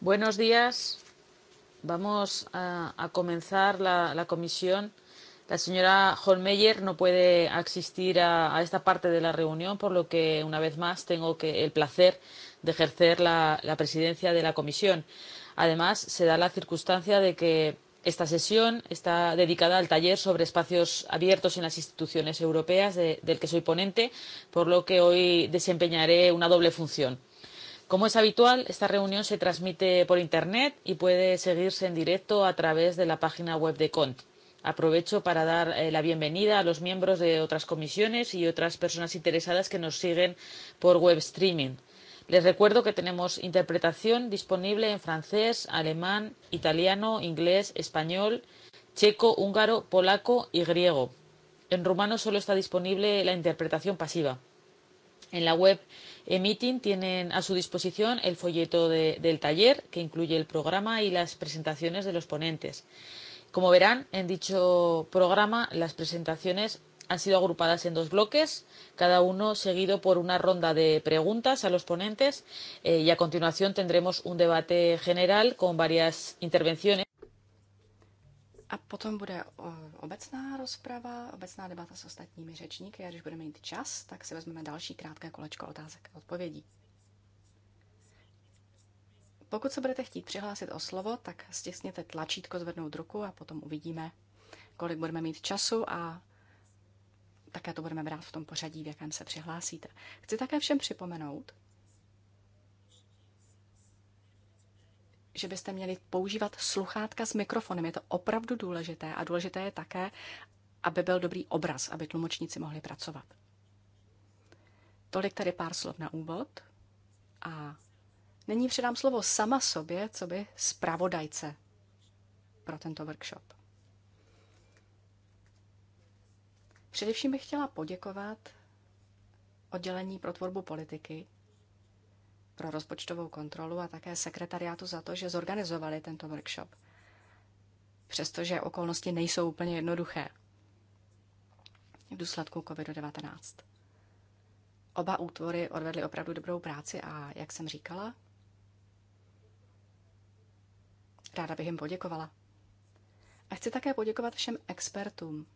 Buenos días. Vamos a, a comenzar la, la comisión. La señora Holmeyer no puede asistir a, a esta parte de la reunión, por lo que una vez más tengo que, el placer de ejercer la, la presidencia de la comisión. Además, se da la circunstancia de que esta sesión está dedicada al taller sobre espacios abiertos en las instituciones europeas, de, del que soy ponente, por lo que hoy desempeñaré una doble función Como es habitual, esta reunión se transmite por Internet y puede seguirse en directo a través de la página web de CONT. Aprovecho para dar eh, la bienvenida a los miembros de otras comisiones y otras personas interesadas que nos siguen por web streaming. Les recuerdo que tenemos interpretación disponible en francés, alemán, italiano, inglés, español, checo, húngaro, polaco y griego. En rumano solo está disponible la interpretación pasiva. En la web e-meeting tienen a su disposición el folleto de, del taller, que incluye el programa y las presentaciones de los ponentes. Como verán, en dicho programa las presentaciones han sido agrupadas en dos bloques, cada uno seguido por una ronda de preguntas a los ponentes eh, y a continuación tendremos un debate general con varias intervenciones. A potom bude eh, obecná rozprava, obecná debata s ostatními řečníky a když budeme mít čas, tak si vezmeme další krátké kolečko otázek a odpovědí. Pokud se budete chtít přihlásit o slovo, tak stisněte tlačítko zvednout ruku a potom uvidíme, kolik budeme mít času a také to budeme brát v tom pořadí, v jakém se přihlásíte. Chci také všem připomenout, že byste měli používat sluchátka s mikrofonem. Je to opravdu důležité a důležité je také, aby byl dobrý obraz, aby tlumočníci mohli pracovat. Tolik tady pár slov na úvod a nyní předám slovo sama sobě, co by zpravodajce pro tento workshop. Především bych chtěla poděkovat oddělení pro tvorbu politiky, pro rozpočtovou kontrolu a také sekretariátu za to, že zorganizovali tento workshop. Přestože okolnosti nejsou úplně jednoduché v důsledku COVID-19. Oba útvory odvedly opravdu dobrou práci a, jak jsem říkala, ráda bych jim poděkovala. A chci také poděkovat všem expertům,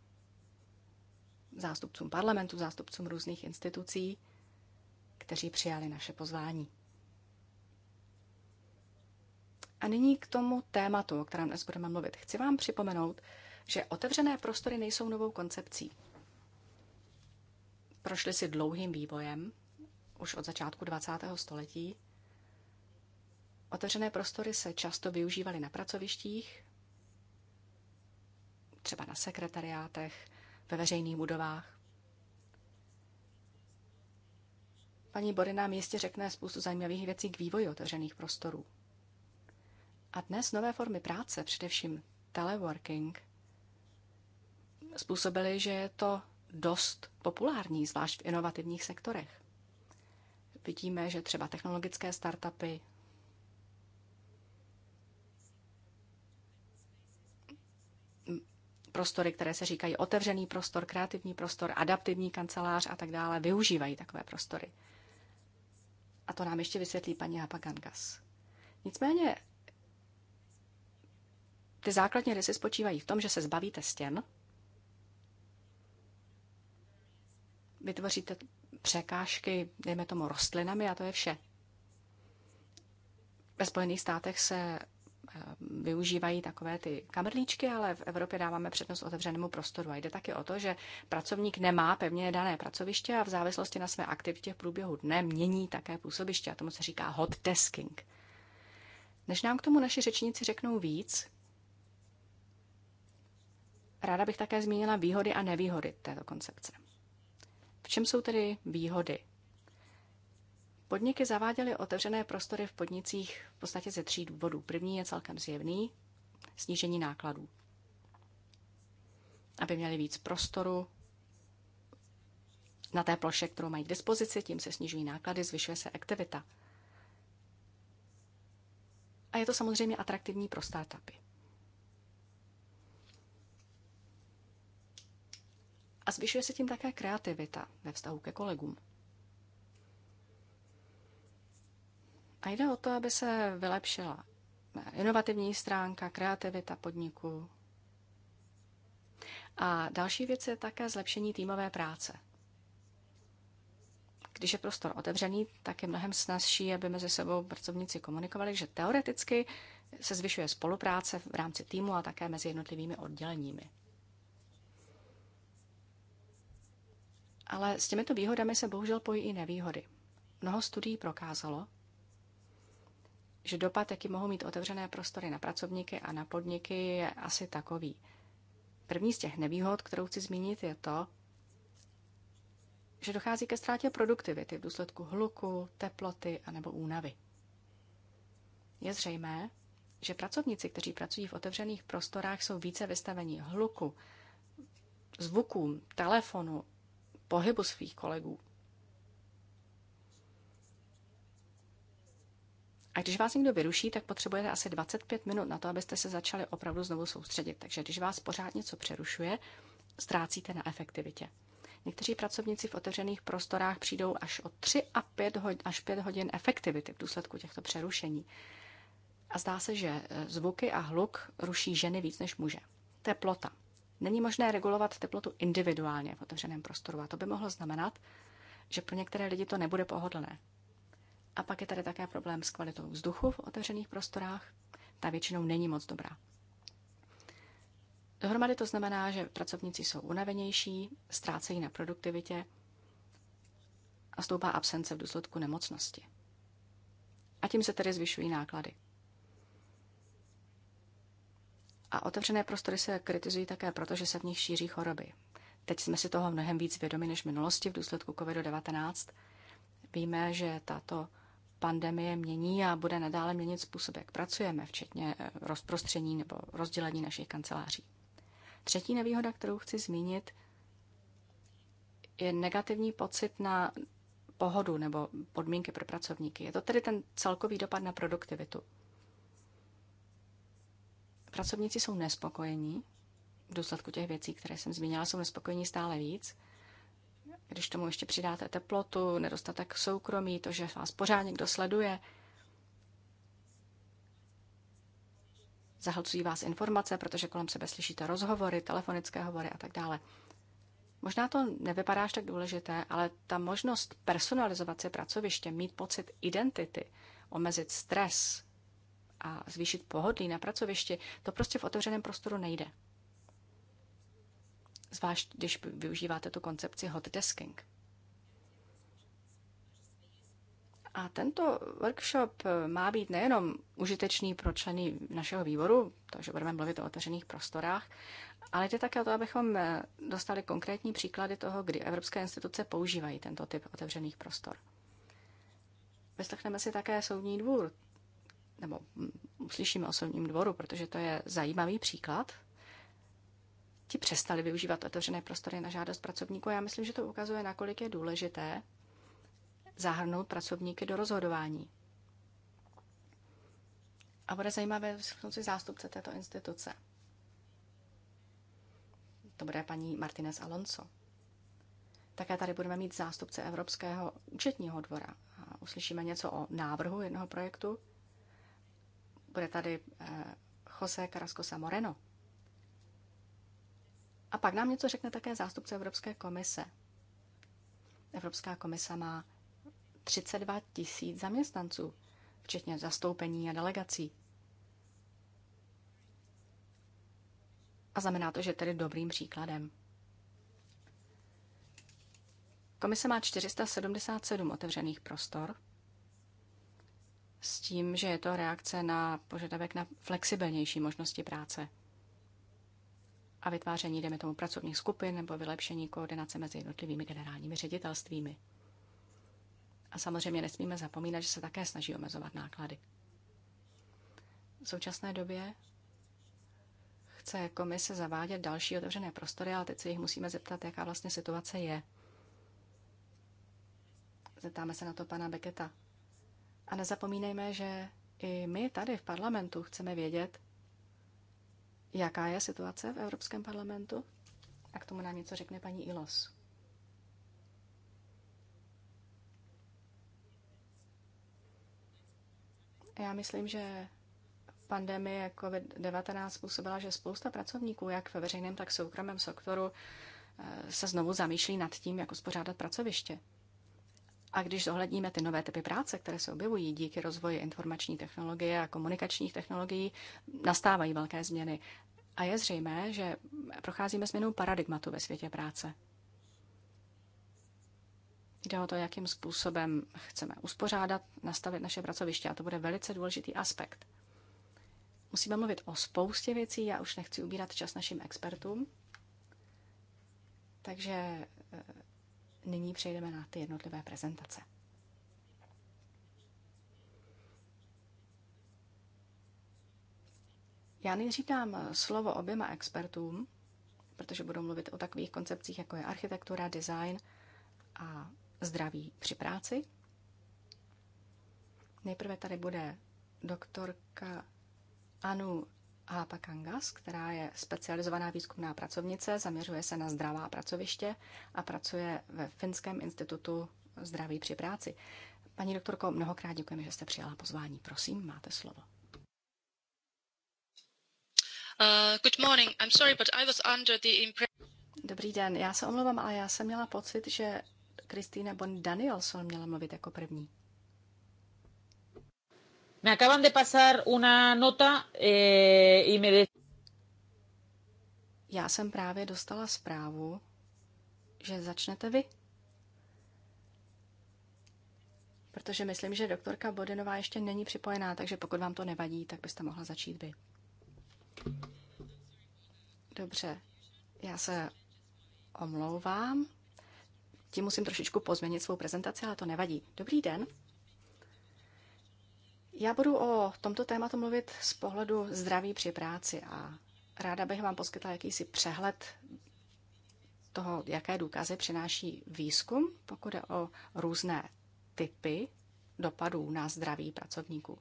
zástupcům parlamentu, zástupcům různých institucí, kteří přijali naše pozvání. A nyní k tomu tématu, o kterém dnes budeme mluvit. Chci vám připomenout, že otevřené prostory nejsou novou koncepcí. Prošly si dlouhým vývojem, už od začátku 20. století. Otevřené prostory se často využívaly na pracovištích, třeba na sekretariátech, ve veřejných budovách. Paní Bory nám jistě řekne spoustu zajímavých věcí k vývoji otevřených prostorů. A dnes nové formy práce, především teleworking, způsobily, že je to dost populární, zvlášť v inovativních sektorech. Vidíme, že třeba technologické startupy prostory, které se říkají otevřený prostor, kreativní prostor, adaptivní kancelář a tak dále, využívají takové prostory. A to nám ještě vysvětlí paní Hapagangas. Nicméně ty základní rysy spočívají v tom, že se zbavíte stěn, vytvoříte překážky, dejme tomu rostlinami a to je vše. Ve Spojených státech se eh, využívají takové ty kamerlíčky, ale v Evropě dáváme přednost otevřenému prostoru. A jde taky o to, že pracovník nemá pevně dané pracoviště a v závislosti na své aktivitě v průběhu dne mění také působiště. A tomu se říká hot desking. Než nám k tomu naši řečníci řeknou víc, Ráda bych také zmínila výhody a nevýhody této koncepce. V čem jsou tedy výhody? Podniky zaváděly otevřené prostory v podnicích v podstatě ze tří důvodů. První je celkem zjevný snížení nákladů. Aby měli víc prostoru na té ploše, kterou mají k dispozici, tím se snižují náklady, zvyšuje se aktivita. A je to samozřejmě atraktivní pro startupy. zvyšuje se tím také kreativita ve vztahu ke kolegům. A jde o to, aby se vylepšila inovativní stránka, kreativita podniku. A další věc je také zlepšení týmové práce. Když je prostor otevřený, tak je mnohem snazší, aby mezi sebou pracovníci komunikovali, že teoreticky se zvyšuje spolupráce v rámci týmu a také mezi jednotlivými odděleními. Ale s těmito výhodami se bohužel pojí i nevýhody. Mnoho studií prokázalo, že dopad, jaký mohou mít otevřené prostory na pracovníky a na podniky, je asi takový. První z těch nevýhod, kterou chci zmínit, je to, že dochází ke ztrátě produktivity v důsledku hluku, teploty a nebo únavy. Je zřejmé, že pracovníci, kteří pracují v otevřených prostorách, jsou více vystaveni hluku, zvukům, telefonu pohybu svých kolegů. A když vás někdo vyruší, tak potřebujete asi 25 minut na to, abyste se začali opravdu znovu soustředit. Takže když vás pořád něco přerušuje, ztrácíte na efektivitě. Někteří pracovníci v otevřených prostorách přijdou až o 3 a 5 hodin, až 5 hodin efektivity v důsledku těchto přerušení. A zdá se, že eh, zvuky a hluk ruší ženy víc než muže. Teplota. Není možné regulovat teplotu individuálně v otevřeném prostoru a to by mohlo znamenat, že pro některé lidi to nebude pohodlné. A pak je tady také problém s kvalitou vzduchu v otevřených prostorách. Ta většinou není moc dobrá. Dohromady to znamená, že pracovníci jsou unavenější, ztrácejí na produktivitě a stoupá absence v důsledku nemocnosti. A tím se tedy zvyšují náklady. A otevřené prostory se kritizují také proto, že se v nich šíří choroby. Teď jsme si toho mnohem víc vědomi než v minulosti v důsledku COVID-19. Víme, že tato pandemie mění a bude nadále měnit způsob, jak pracujeme, včetně eh, rozprostření nebo rozdělení našich kanceláří. Třetí nevýhoda, kterou chci zmínit, je negativní pocit na pohodu nebo podmínky pro pracovníky. Je to tedy ten celkový dopad na produktivitu. Pracovníci jsou nespokojení, v důsledku těch věcí, které jsem zmínila, jsou nespokojení stále víc. Když tomu ještě přidáte teplotu, nedostatek soukromí, to, že vás pořád někdo sleduje, zahlcují vás informace, protože kolem sebe slyšíte rozhovory, telefonické hovory a tak dále. Možná to nevypadá až tak důležité, ale ta možnost personalizovat si pracoviště, mít pocit identity, omezit stres, a zvýšit pohodlí na pracovišti, to prostě v otevřeném prostoru nejde. Zvlášť, když využíváte tu koncepci hot desking. A tento workshop eh, má být nejenom užitečný pro členy našeho výboru, takže budeme mluvit o otevřených prostorách, ale jde také o to, abychom eh, dostali konkrétní příklady toho, kdy evropské instituce používají tento typ otevřených prostor. Vyslechneme si také soudní dvůr, nebo mm, uslyšíme o soudním dvoru, protože to je zajímavý příklad. Ti přestali využívat otevřené prostory na žádost pracovníků. Já myslím, že to ukazuje, nakolik je důležité zahrnout pracovníky do rozhodování. A bude zajímavé vyslechnout si zástupce této instituce. To bude paní Martinez Alonso. Také tady budeme mít zástupce Evropského účetního dvora. A uslyšíme něco o návrhu jednoho projektu bude tady eh, Jose Carrascosa Moreno. A pak nám něco řekne také zástupce Evropské komise. Evropská komise má 32 tisíc zaměstnanců, včetně zastoupení a delegací. A znamená to, že tedy dobrým příkladem. Komise má 477 otevřených prostor, s tím, že je to reakce na požadavek na flexibilnější možnosti práce a vytváření, jdeme tomu, pracovních skupin nebo vylepšení koordinace mezi jednotlivými generálními ředitelstvími. A samozřejmě nesmíme zapomínat, že se také snaží omezovat náklady. V současné době chce komise zavádět další otevřené prostory, ale teď se jich musíme zeptat, jaká vlastně situace je. Zeptáme se na to pana Beketa. A nezapomínejme, že i my tady v parlamentu chceme vědět, jaká je situace v Evropském parlamentu. A k tomu nám něco řekne paní Ilos. Já myslím, že pandemie COVID-19 způsobila, že spousta pracovníků, jak ve veřejném, tak soukromém sektoru, eh, se znovu zamýšlí nad tím, jak uspořádat pracoviště. A když zohledníme ty nové typy práce, které se objevují díky rozvoji informační technologie a komunikačních technologií, nastávají velké změny. A je zřejmé, že procházíme změnou paradigmatu ve světě práce. Jde o to, jakým způsobem chceme uspořádat, nastavit naše pracoviště a to bude velice důležitý aspekt. Musíme mluvit o spoustě věcí, já už nechci ubírat čas našim expertům, takže eh, nyní přejdeme na ty jednotlivé prezentace. Já nejdřív dám slovo oběma expertům, protože budou mluvit o takových koncepcích, jako je architektura, design a zdraví při práci. Nejprve tady bude doktorka Anu Hápa Kangas, která je specializovaná výzkumná pracovnice, zaměřuje se na zdravá pracoviště a pracuje ve Finském institutu zdraví při práci. Paní doktorko, mnohokrát děkujeme, že jste přijala pozvání. Prosím, máte slovo. Uh, good morning. I'm sorry, but I was under the impression... Dobrý den, já se omlouvám, ale já jsem měla pocit, že Kristýna Bon Danielson měla mluvit jako první. Me acaban de pasar una nota eh, y me de... Já jsem právě dostala zprávu, že začnete vy. Protože myslím, že doktorka Bodenová ještě není připojená, takže pokud vám to nevadí, tak byste mohla začít vy. Dobře, já se omlouvám. Tím musím trošičku pozměnit svou prezentaci, ale to nevadí. Dobrý den. Já budu o tomto tématu mluvit z pohledu zdraví při práci a ráda bych vám poskytla jakýsi přehled toho, jaké důkazy přináší výzkum, pokud je o různé typy dopadů na zdraví pracovníků.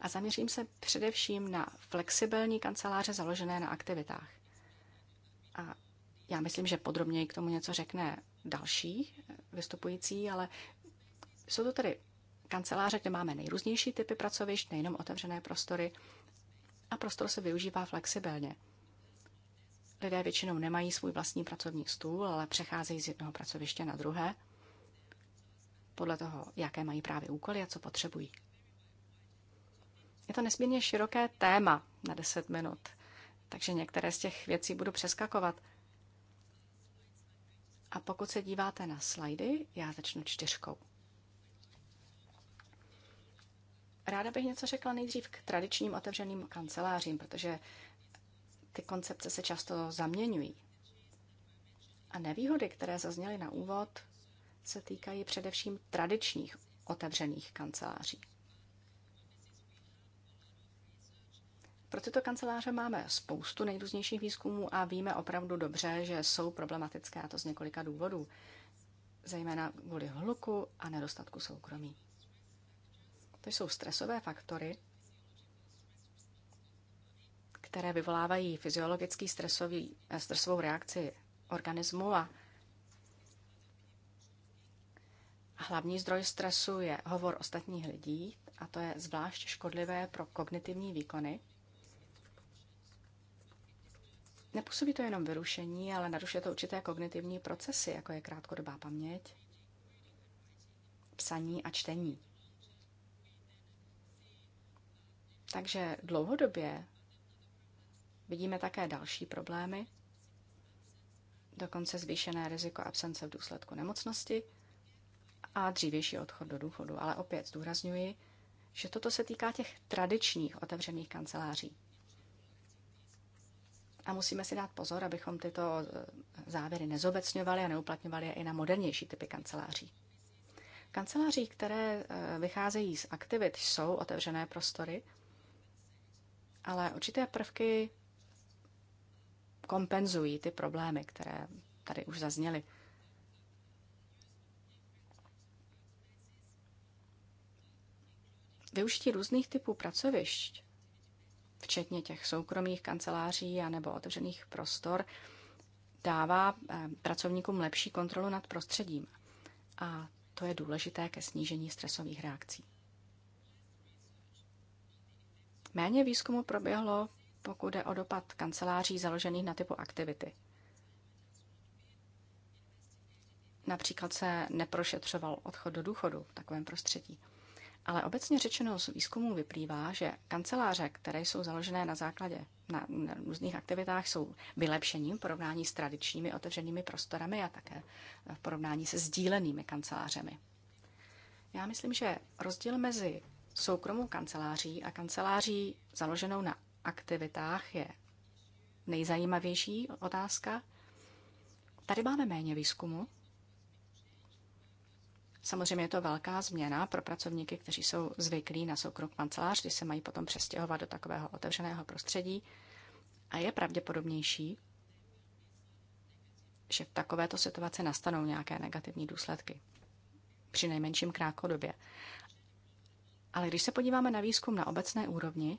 A zaměřím se především na flexibilní kanceláře založené na aktivitách. A já myslím, že podrobněji k tomu něco řekne další vystupující, ale jsou to tedy kanceláře, kde máme nejrůznější typy pracovišť, nejenom otevřené prostory, a prostor se využívá flexibilně. Lidé většinou nemají svůj vlastní pracovní stůl, ale přecházejí z jednoho pracoviště na druhé, podle toho, jaké mají právě úkoly a co potřebují. Je to nesmírně široké téma na 10 minut, takže některé z těch věcí budu přeskakovat. A pokud se díváte na slajdy, já začnu čtyřkou. Ráda bych něco řekla nejdřív k tradičním otevřeným kancelářím, protože ty koncepce se často zaměňují. A nevýhody, které zazněly na úvod, se týkají především tradičních otevřených kanceláří. Pro tyto kanceláře máme spoustu nejrůznějších výzkumů a víme opravdu dobře, že jsou problematické, a to z několika důvodů, zejména kvůli hluku a nedostatku soukromí. To jsou stresové faktory, které vyvolávají fyziologický stresový, eh, stresovou reakci organismu a hlavní zdroj stresu je hovor ostatních lidí a to je zvlášť škodlivé pro kognitivní výkony. Nepůsobí to jenom vyrušení, ale narušuje to určité kognitivní procesy, jako je krátkodobá paměť, psaní a čtení. Takže dlouhodobě vidíme také další problémy, dokonce zvýšené riziko absence v důsledku nemocnosti a dřívější odchod do důchodu. Ale opět zdůrazňuji, že toto se týká těch tradičních otevřených kanceláří. A musíme si dát pozor, abychom tyto eh, závěry nezobecňovali a neuplatňovali je i na modernější typy kanceláří. Kanceláří, které eh, vycházejí z aktivit, jsou otevřené prostory, ale určité prvky kompenzují ty problémy, které tady už zazněly. Využití různých typů pracovišť, včetně těch soukromých kanceláří a nebo otevřených prostor, dává eh, pracovníkům lepší kontrolu nad prostředím. A to je důležité ke snížení stresových reakcí. Méně výzkumu proběhlo, pokud jde o dopad kanceláří založených na typu aktivity. Například se neprošetřoval odchod do důchodu v takovém prostředí. Ale obecně řečeno z výzkumu vyplývá, že kanceláře, které jsou založené na základě na, na různých aktivitách, jsou vylepšením v porovnání s tradičními otevřenými prostorami a také v porovnání se sdílenými kancelářemi. Já myslím, že rozdíl mezi Soukromou kanceláří a kanceláří založenou na aktivitách je nejzajímavější otázka. Tady máme méně výzkumu. Samozřejmě je to velká změna pro pracovníky, kteří jsou zvyklí na soukromou kancelář, když se mají potom přestěhovat do takového otevřeného prostředí. A je pravděpodobnější, že v takovéto situaci nastanou nějaké negativní důsledky. Při nejmenším krátkodobě. Ale když se podíváme na výzkum na obecné úrovni,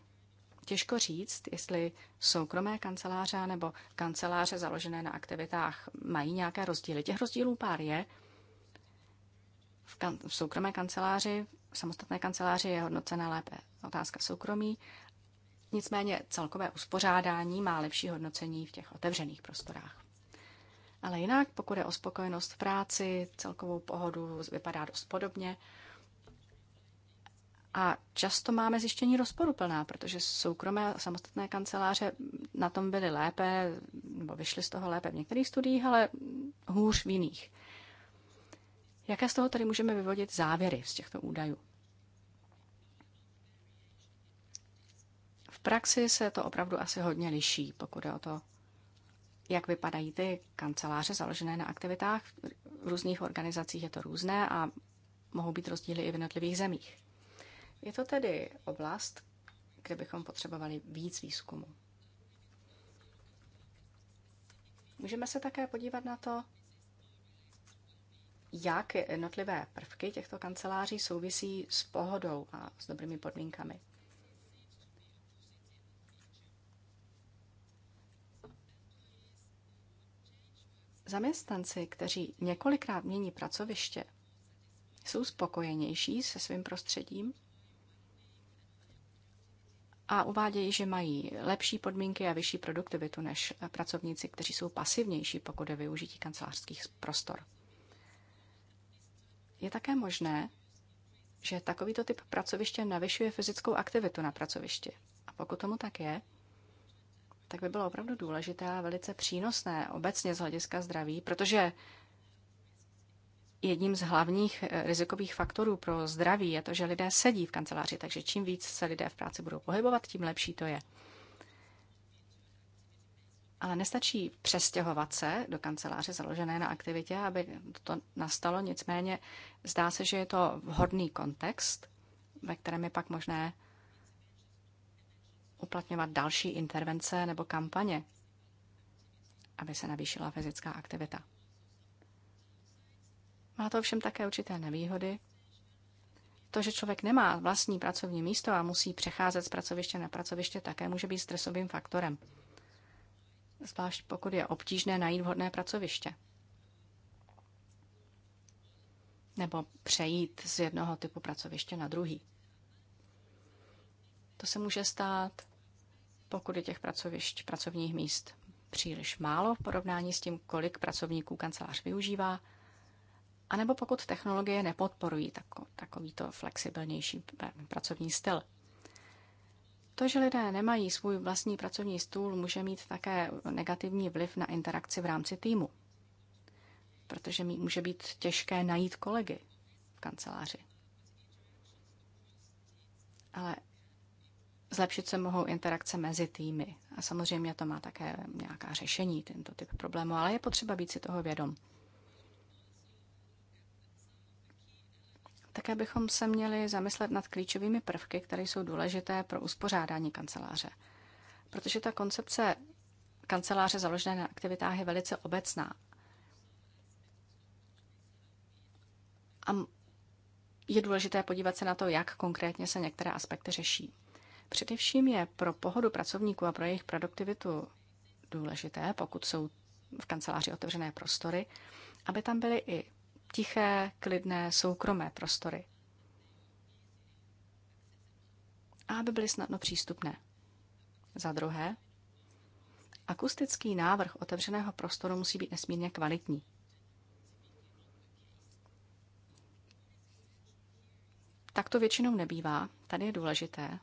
těžko říct, jestli soukromé kanceláře nebo kanceláře založené na aktivitách mají nějaké rozdíly. Těch rozdílů pár je. V, kan- v soukromé kanceláři, v samostatné kanceláři je hodnocena lépe otázka soukromí, nicméně celkové uspořádání má lepší hodnocení v těch otevřených prostorách. Ale jinak, pokud je o spokojenost v práci, celkovou pohodu, vypadá dost podobně. A často máme zjištění rozporuplná, protože soukromé samostatné kanceláře na tom byly lépe, nebo vyšly z toho lépe v některých studiích, ale hůř v jiných. Jaké z toho tady můžeme vyvodit závěry z těchto údajů? V praxi se to opravdu asi hodně liší, pokud je o to, jak vypadají ty kanceláře založené na aktivitách. V různých organizacích je to různé a mohou být rozdíly i v jednotlivých zemích. Je to tedy oblast, kde bychom potřebovali víc výzkumu. Můžeme se také podívat na to, jak jednotlivé prvky těchto kanceláří souvisí s pohodou a s dobrými podmínkami. Zaměstnanci, kteří několikrát mění pracoviště, jsou spokojenější se svým prostředím a uvádějí, že mají lepší podmínky a vyšší produktivitu než pracovníci, kteří jsou pasivnější, pokud je využití kancelářských prostor. Je také možné, že takovýto typ pracoviště navyšuje fyzickou aktivitu na pracovišti. A pokud tomu tak je, tak by bylo opravdu důležité a velice přínosné obecně z hlediska zdraví, protože jedním z hlavních eh, rizikových faktorů pro zdraví je to, že lidé sedí v kanceláři, takže čím víc se lidé v práci budou pohybovat, tím lepší to je. Ale nestačí přestěhovat se do kanceláře založené na aktivitě, aby to nastalo. Nicméně zdá se, že je to vhodný kontext, ve kterém je pak možné uplatňovat další intervence nebo kampaně, aby se navýšila fyzická aktivita. Má to ovšem také určité nevýhody. To, že člověk nemá vlastní pracovní místo a musí přecházet z pracoviště na pracoviště, také může být stresovým faktorem. Zvlášť pokud je obtížné najít vhodné pracoviště. Nebo přejít z jednoho typu pracoviště na druhý. To se může stát, pokud je těch pracovišť, pracovních míst příliš málo v porovnání s tím, kolik pracovníků kancelář využívá, a nebo pokud technologie nepodporují tako, takovýto flexibilnější pracovní styl. To, že lidé nemají svůj vlastní pracovní stůl, může mít také negativní vliv na interakci v rámci týmu, protože může být těžké najít kolegy v kanceláři. Ale zlepšit se mohou interakce mezi týmy. A samozřejmě to má také nějaká řešení, tento typ problému, ale je potřeba být si toho vědom. Také bychom se měli zamyslet nad klíčovými prvky, které jsou důležité pro uspořádání kanceláře. Protože ta koncepce kanceláře založené na aktivitách je velice obecná. A je důležité podívat se na to, jak konkrétně se některé aspekty řeší. Především je pro pohodu pracovníků a pro jejich produktivitu důležité, pokud jsou v kanceláři otevřené prostory, aby tam byly i tiché, klidné, soukromé prostory. A aby byly snadno přístupné. Za druhé, akustický návrh otevřeného prostoru musí být nesmírně kvalitní. Tak to většinou nebývá. Tady je důležité,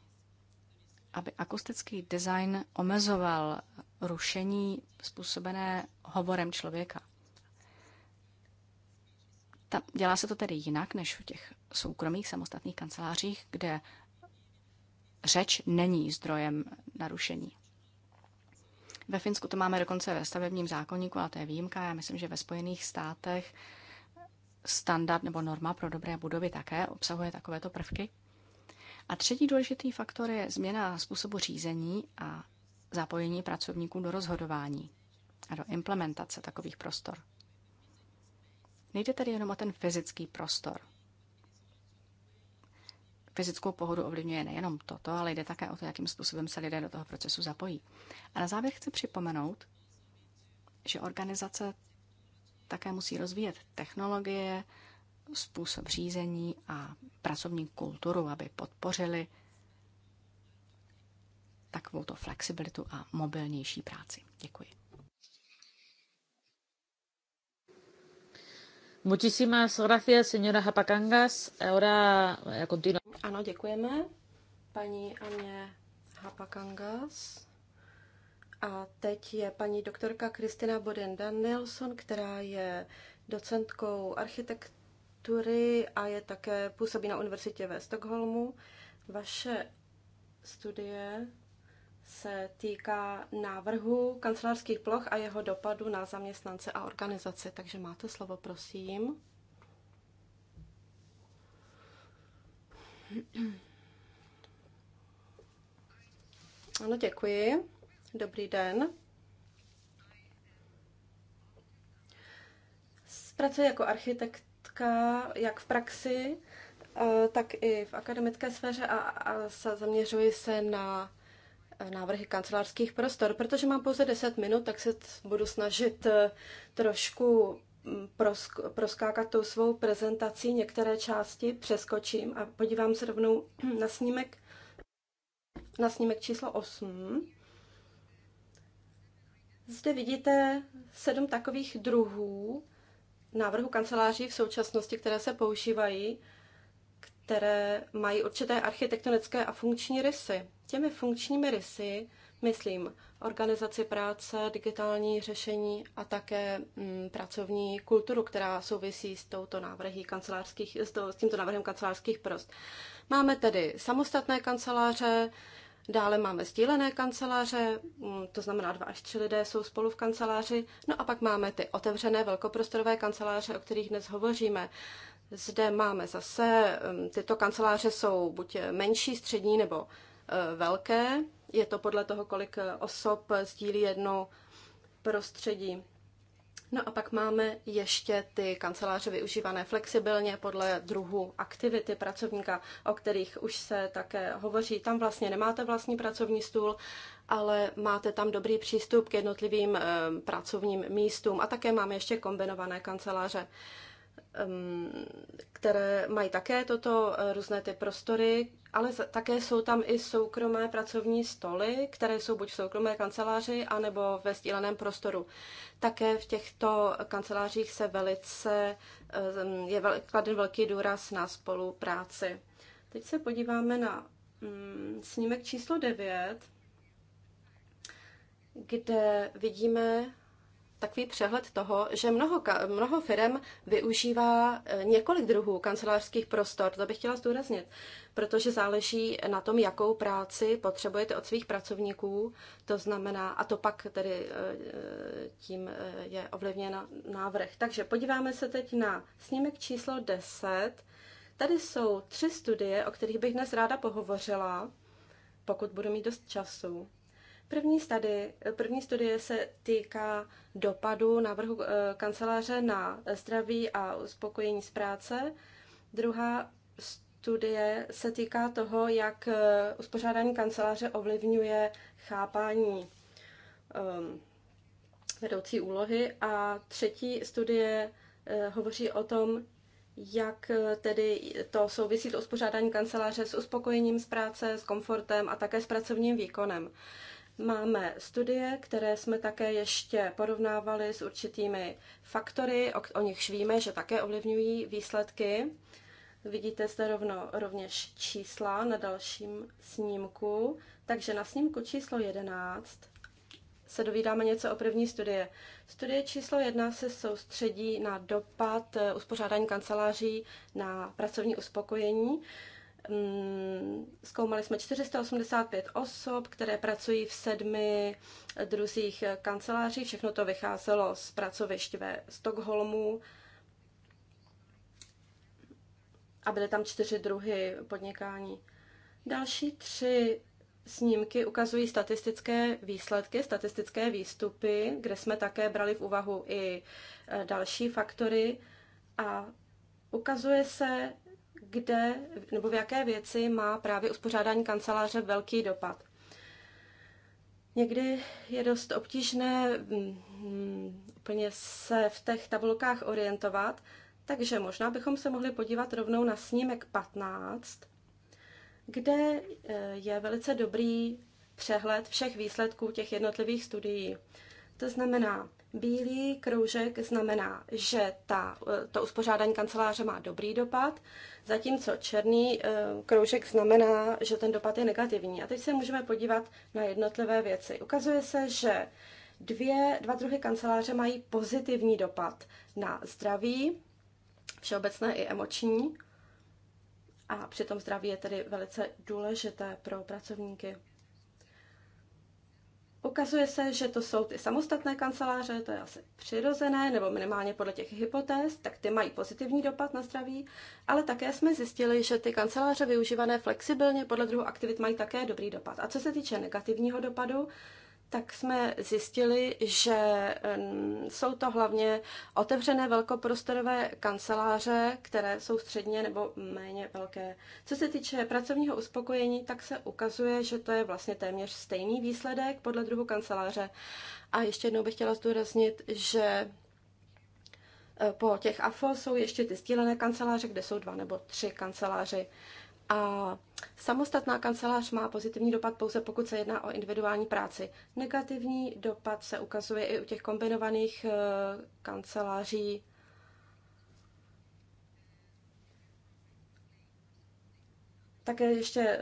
aby akustický design omezoval rušení způsobené hovorem člověka. Ta, dělá se to tedy jinak než v těch soukromých samostatných kancelářích, kde řeč není zdrojem narušení. Ve Finsku to máme dokonce ve stavebním zákonníku, ale to je výjimka. Já myslím, že ve Spojených státech standard nebo norma pro dobré budovy také obsahuje takovéto prvky. A třetí důležitý faktor je změna způsobu řízení a zapojení pracovníků do rozhodování a do implementace takových prostor. Nejde tady jenom o ten fyzický prostor. Fyzickou pohodu ovlivňuje nejenom toto, ale jde také o to, jakým způsobem se lidé do toho procesu zapojí. A na závěr chci připomenout, že organizace také musí rozvíjet technologie, způsob řízení a pracovní kulturu, aby podpořili takovouto flexibilitu a mobilnější práci. Děkuji. Muchísimas gracias, señora Hapakangas. Ahora eh, Ano, děkujeme, paní Aně Hapakangas. A teď je paní doktorka Kristina Boden Danielson, která je docentkou architektury a je také působí na univerzitě ve Stockholmu. Vaše studie se týká návrhu kancelářských ploch a jeho dopadu na zaměstnance a organizace. Takže máte slovo, prosím. Ano, děkuji. Dobrý den. Pracuji jako architektka, jak v praxi, eh, tak i v akademické sféře a, a zaměřuji se na návrhy kancelářských prostor. Protože mám pouze 10 minut, tak se budu snažit eh, trošku mm, prosk- proskákat tou svou prezentací. Některé části přeskočím a podívám se rovnou na snímek, na snímek číslo 8. Zde vidíte sedm takových druhů návrhu kanceláří v současnosti, které se používají které mají určité architektonické a funkční rysy. Těmi funkčními rysy myslím organizaci práce, digitální řešení a také mm, pracovní kulturu, která souvisí s, touto návrhy kancelářských, s, to, s tímto návrhem kancelářských prost. Máme tedy samostatné kanceláře, dále máme sdílené kanceláře, mm, to znamená dva až tři lidé jsou spolu v kanceláři, no a pak máme ty otevřené velkoprostorové kanceláře, o kterých dnes hovoříme. Zde máme zase, tyto kanceláře jsou buď menší, střední nebo e, velké. Je to podle toho, kolik e, osob sdílí jedno prostředí. No a pak máme ještě ty kanceláře využívané flexibilně podle druhu aktivity pracovníka, o kterých už se také hovoří. Tam vlastně nemáte vlastní pracovní stůl, ale máte tam dobrý přístup k jednotlivým pracovním místům a také máme ještě kombinované kanceláře. Ehm, které mají také toto eh, různé ty prostory, ale také jsou tam i soukromé pracovní stoly, které jsou buď v soukromé kanceláři, anebo ve sdíleném prostoru. Také v těchto kancelářích se velice ehm, je vel, kladen velký důraz na spolupráci. Teď se podíváme na mm, snímek číslo 9, kde vidíme takový přehled toho, že mnoho, mnoho firm využívá eh, několik druhů kancelářských prostor. To bych chtěla zdůraznit, protože záleží na tom, jakou práci potřebujete od svých pracovníků. To znamená, a to pak tedy eh, eh, tím je ovlivněn návrh. Takže podíváme se teď na snímek číslo 10. Tady jsou tři studie, o kterých bych dnes ráda pohovořila, pokud budu mít dost času. První, study, první studie se týká dopadu návrhu eh, kanceláře na zdraví a uspokojení z práce. Druhá studie se týká toho, jak eh, uspořádání kanceláře ovlivňuje chápání um, vedoucí úlohy. A třetí studie eh, hovoří o tom, jak tedy to souvisí to uspořádání kanceláře s uspokojením z práce, s komfortem a také s pracovním výkonem. Máme studie, které jsme také ještě porovnávali s určitými faktory, o, o nichž víme, že také ovlivňují výsledky. Vidíte zde rovno rovněž čísla na dalším snímku. Takže na snímku číslo 11 se dovídáme něco o první studie. Studie číslo 1 se soustředí na dopad eh, uspořádání kanceláří na pracovní uspokojení. Mm, zkoumali jsme 485 osob, které pracují v sedmi druzích kanceláří. Všechno to vycházelo z pracovišť ve Stockholmu a byly tam čtyři druhy podnikání. Další tři snímky ukazují statistické výsledky, statistické výstupy, kde jsme také brali v úvahu i e, další faktory a ukazuje se, kde nebo v jaké věci má právě uspořádání kanceláře velký dopad. Někdy je dost obtížné mm, úplně se v těch tabulkách orientovat, takže možná bychom se mohli podívat rovnou na snímek 15, kde eh, je velice dobrý přehled všech výsledků těch jednotlivých studií. To znamená, Bílý kroužek znamená, že ta, eh, to uspořádání kanceláře má dobrý dopad, zatímco černý eh, kroužek znamená, že ten dopad je negativní. A teď se můžeme podívat na jednotlivé věci. Ukazuje se, že dvě, dva druhy kanceláře mají pozitivní dopad na zdraví, všeobecné i emoční, a přitom zdraví je tedy velice důležité pro pracovníky. Ukazuje se, že to jsou ty samostatné kanceláře, to je asi přirozené, nebo minimálně podle těch hypotéz, tak ty mají pozitivní dopad na zdraví, ale také jsme zjistili, že ty kanceláře využívané flexibilně podle druhu aktivit mají také dobrý dopad. A co se týče negativního dopadu, tak jsme zjistili, že jsou to hlavně otevřené velkoprostorové kanceláře, které jsou středně nebo méně velké. Co se týče pracovního uspokojení, tak se ukazuje, že to je vlastně téměř stejný výsledek podle druhu kanceláře. A ještě jednou bych chtěla zdůraznit, že eh, po těch AFO jsou ještě ty stílené kanceláře, kde jsou dva nebo tři kanceláři. A samostatná kancelář má pozitivní dopad pouze pokud se jedná o individuální práci. Negativní dopad se ukazuje i u těch kombinovaných eh, kanceláří. Také ještě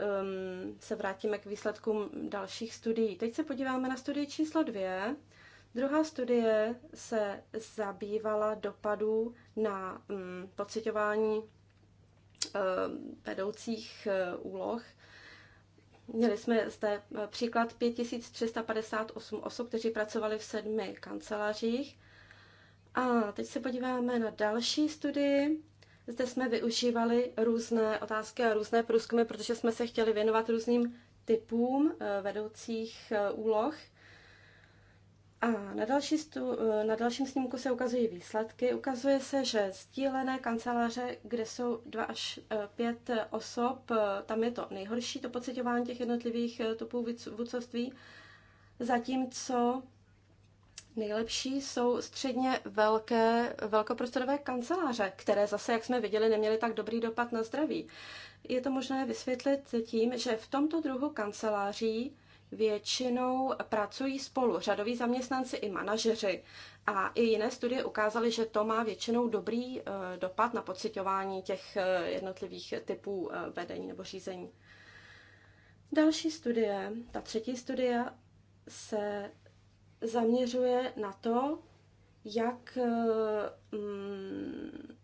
um, se vrátíme k výsledkům dalších studií. Teď se podíváme na studii číslo dvě. Druhá studie se zabývala dopadů na um, pocitování Eh, vedoucích eh, úloh. Měli jsme zde eh, příklad 5358 osob, kteří pracovali v sedmi kancelářích. A teď se podíváme na další studii. Zde jsme využívali různé otázky a různé průzkumy, protože jsme se chtěli věnovat různým typům vedoucích úloh – a na, další stu, na dalším snímku se ukazují výsledky. Ukazuje se, že sdílené kanceláře, kde jsou dva až e, pět e, osob, e, tam je to nejhorší, to pocitování těch jednotlivých topů vůdcovství, zatímco nejlepší jsou středně velké, velkoprostorové kanceláře, které zase, jak jsme viděli, neměly tak dobrý dopad na zdraví. Je to možné vysvětlit tím, že v tomto druhu kanceláří většinou pracují spolu, řadoví zaměstnanci i manažeři. A i jiné studie ukázaly, že to má většinou dobrý eh, dopad na pocitování těch eh, jednotlivých typů eh, vedení nebo řízení. Další studie, ta třetí studie, se zaměřuje na to, jak mm,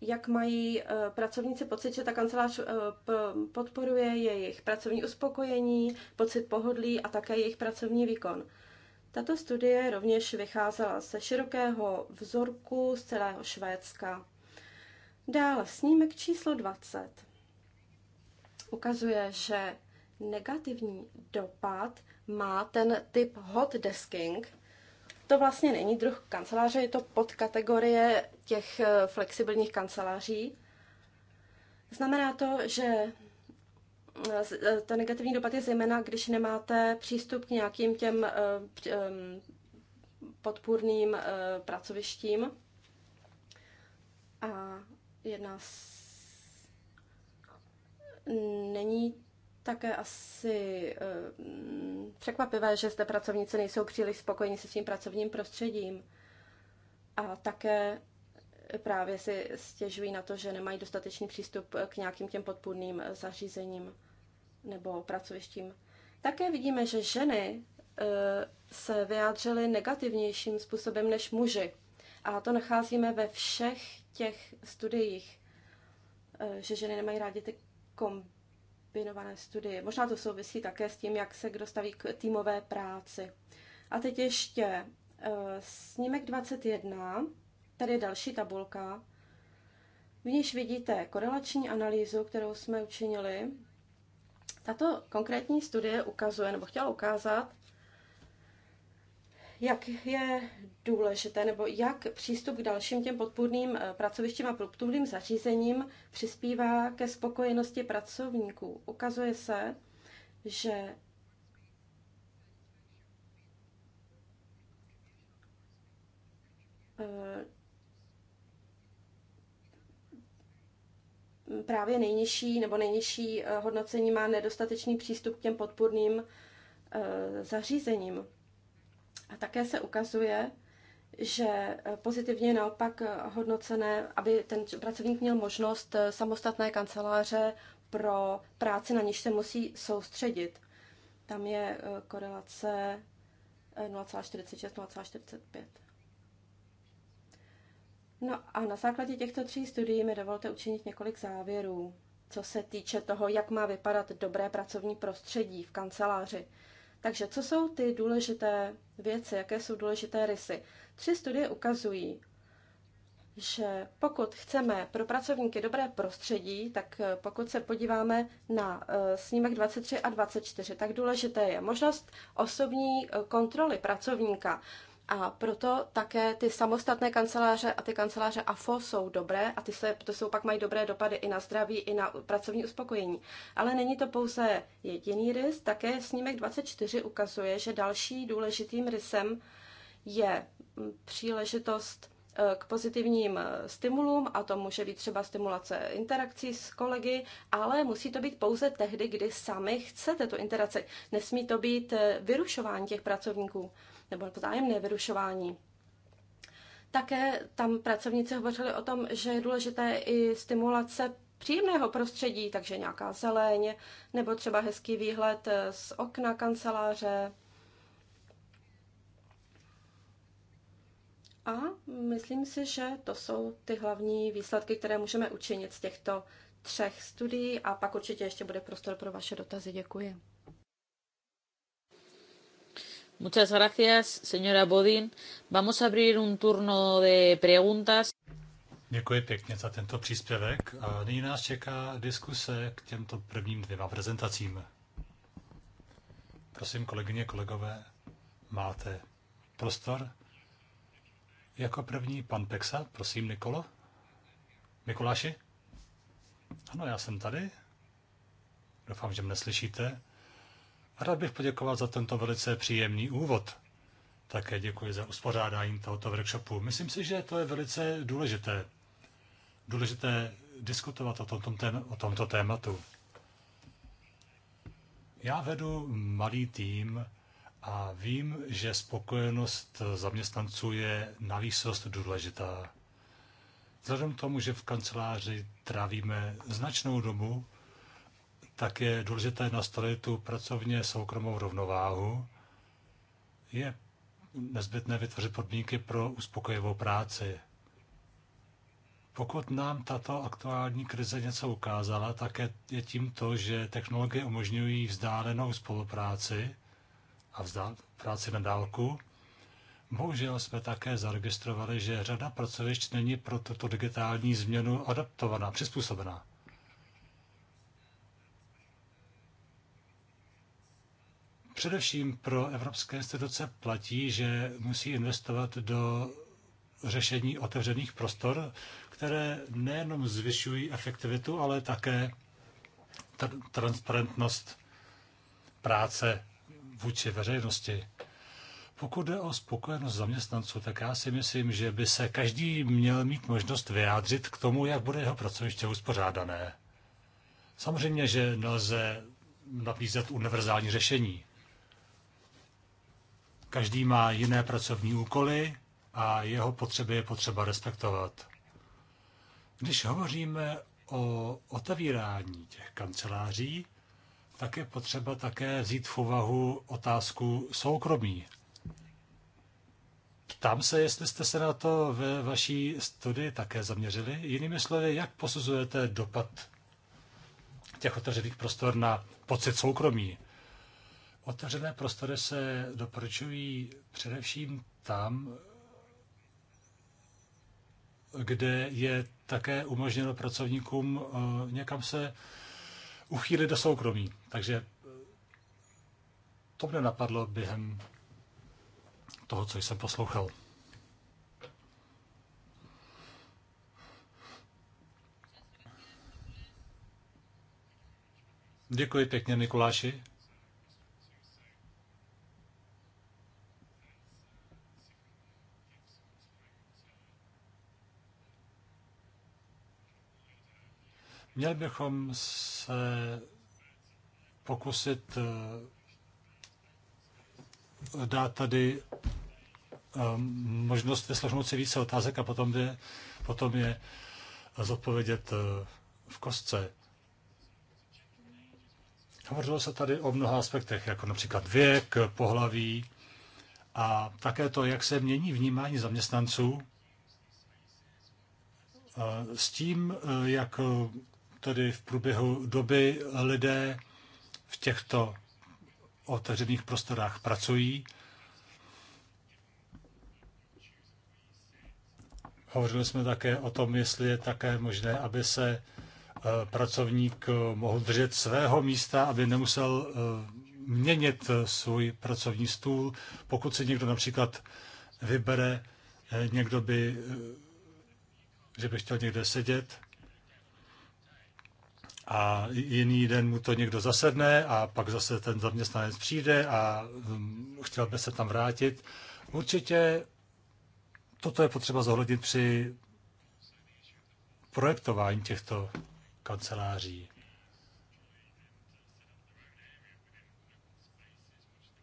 jak mají eh, pracovníci pocit, že ta kancelář eh, podporuje jejich pracovní uspokojení, pocit pohodlí a také jejich pracovní výkon. Tato studie rovněž vycházela ze širokého vzorku z celého Švédska. Dále snímek číslo 20 ukazuje, že negativní dopad má ten typ hot desking. To vlastně není druh kanceláře, je to podkategorie těch eh, flexibilních kanceláří. Znamená to, že eh, eh, ta negativní dopad je zejména, když nemáte přístup k nějakým těm podpůrným pracovištím. A jedna z... Není také asi překvapivé, že zde pracovníci nejsou příliš spokojeni se svým pracovním prostředím. A také právě si stěžují na to, že nemají dostatečný přístup k nějakým těm podpůrným zařízením nebo pracovištím. Také vidíme, že ženy e, se vyjádřily negativnějším způsobem než muži. A to nacházíme ve všech těch studiích, e, že ženy nemají rádi ty kombinované studie. Možná to souvisí také s tím, jak se kdo staví k týmové práci. A teď ještě e, snímek 21 Tady je další tabulka, v níž vidíte korelační analýzu, kterou jsme učinili. Tato konkrétní studie ukazuje, nebo chtěla ukázat, jak je důležité, nebo jak přístup k dalším těm podpůrným eh, pracovištím a podpůrným zařízením přispívá ke spokojenosti pracovníků. Ukazuje se, že eh, právě nejnižší nebo nejnižší eh, hodnocení má nedostatečný přístup k těm podpůrným eh, zařízením. A také se ukazuje, že eh, pozitivně naopak hodnocené, aby ten pracovník měl možnost samostatné kanceláře pro práci, na níž se musí soustředit. Tam je korelace 0,46-0,45. No a na základě těchto tří studií mi dovolte učinit několik závěrů, co se týče toho, jak má vypadat dobré pracovní prostředí v kanceláři. Takže co jsou ty důležité věci, jaké jsou důležité rysy? Tři studie ukazují, že pokud chceme pro pracovníky dobré prostředí, tak eh, pokud se podíváme na eh, snímek 23 a 24, tak důležité je možnost osobní eh, kontroly pracovníka. A proto také ty samostatné kanceláře a ty kanceláře AFO jsou dobré a ty se, to jsou pak mají dobré dopady i na zdraví, i na pracovní uspokojení. Ale není to pouze jediný rys, také snímek 24 ukazuje, že další důležitým rysem je mm, příležitost eh, k pozitivním eh, stimulům a to může být třeba stimulace interakcí s kolegy, ale musí to být pouze tehdy, kdy sami chcete tu interakci. Nesmí to být eh, vyrušování těch pracovníků nebo vzájemné vyrušování. Také tam pracovníci hovořili o tom, že je důležité i stimulace příjemného prostředí, takže nějaká zeleň nebo třeba hezký výhled eh, z okna kanceláře. A myslím si, že to jsou ty hlavní výsledky, které můžeme učinit z těchto třech studií a pak určitě ještě bude prostor pro vaše dotazy. Děkuji. Muchas gracias, señora Bodin. Vamos a abrir un turno de preguntas. Děkuji pěkně za tento příspěvek a nyní nás čeká diskuse k těmto prvním dvěma prezentacím. Prosím, kolegyně, kolegové, máte prostor. Jako první pan Pexa, prosím, Nikolo. Mikuláši? Ano, já jsem tady. Doufám, že mě slyšíte. Rád bych poděkoval za tento velice příjemný úvod. Také děkuji za uspořádání tohoto workshopu. Myslím si, že to je velice důležité. Důležité diskutovat o, tom, tém, o tomto tématu. Já vedu malý tým a vím, že spokojenost zaměstnanců je na výsost důležitá. Vzhledem k tomu, že v kanceláři trávíme značnou dobu, tak je důležité nastavit tu pracovně soukromou rovnováhu. Je nezbytné vytvořit podmínky pro uspokojivou práci. Pokud nám tato aktuální krize něco ukázala, tak je, tím to, že technologie umožňují vzdálenou spolupráci a vzdál, práci na dálku. Bohužel jsme také zaregistrovali, že řada pracovišť není pro tuto digitální změnu adaptovaná, přizpůsobená. Především pro evropské instituce platí, že musí investovat do řešení otevřených prostor, které nejenom zvyšují efektivitu, ale také tr- transparentnost práce vůči veřejnosti. Pokud jde o spokojenost zaměstnanců, tak já si myslím, že by se každý měl mít možnost vyjádřit k tomu, jak bude jeho pracoviště uspořádané. Samozřejmě, že nelze nabízet univerzální řešení. Každý má jiné pracovní úkoly a jeho potřeby je potřeba respektovat. Když hovoříme o otevírání těch kanceláří, tak je potřeba také vzít v úvahu otázku soukromí. Ptám se, jestli jste se na to ve vaší studii také zaměřili. Jinými slovy, jak posuzujete dopad těch otevřených prostor na pocit soukromí? Otevřené prostory se doporučují především tam, kde je také umožněno pracovníkům eh, někam se uchýlit do soukromí. Takže eh, to mě napadlo během toho, co jsem poslouchal. Děkuji pěkně, Nikoláši. Měli bychom se pokusit eh, dát tady eh, možnost vyslechnout si více otázek a potom je, potom je zodpovědět eh, v kostce. Hovořilo se tady o mnoha aspektech, jako například věk, pohlaví a také to, jak se mění vnímání zaměstnanců s tím, jak tedy v průběhu doby lidé v těchto otevřených prostorách pracují. Hovořili jsme také o tom, jestli je také možné, aby se eh, pracovník eh, mohl držet svého místa, aby nemusel eh, měnit svůj pracovní stůl. Pokud si někdo například vybere, někdo by, že by chtěl někde sedět, a jiný den mu to někdo zasedne a pak zase ten zaměstnanec přijde a hm, chtěl by se tam vrátit. Určitě toto je potřeba zohlednit při projektování těchto kanceláří.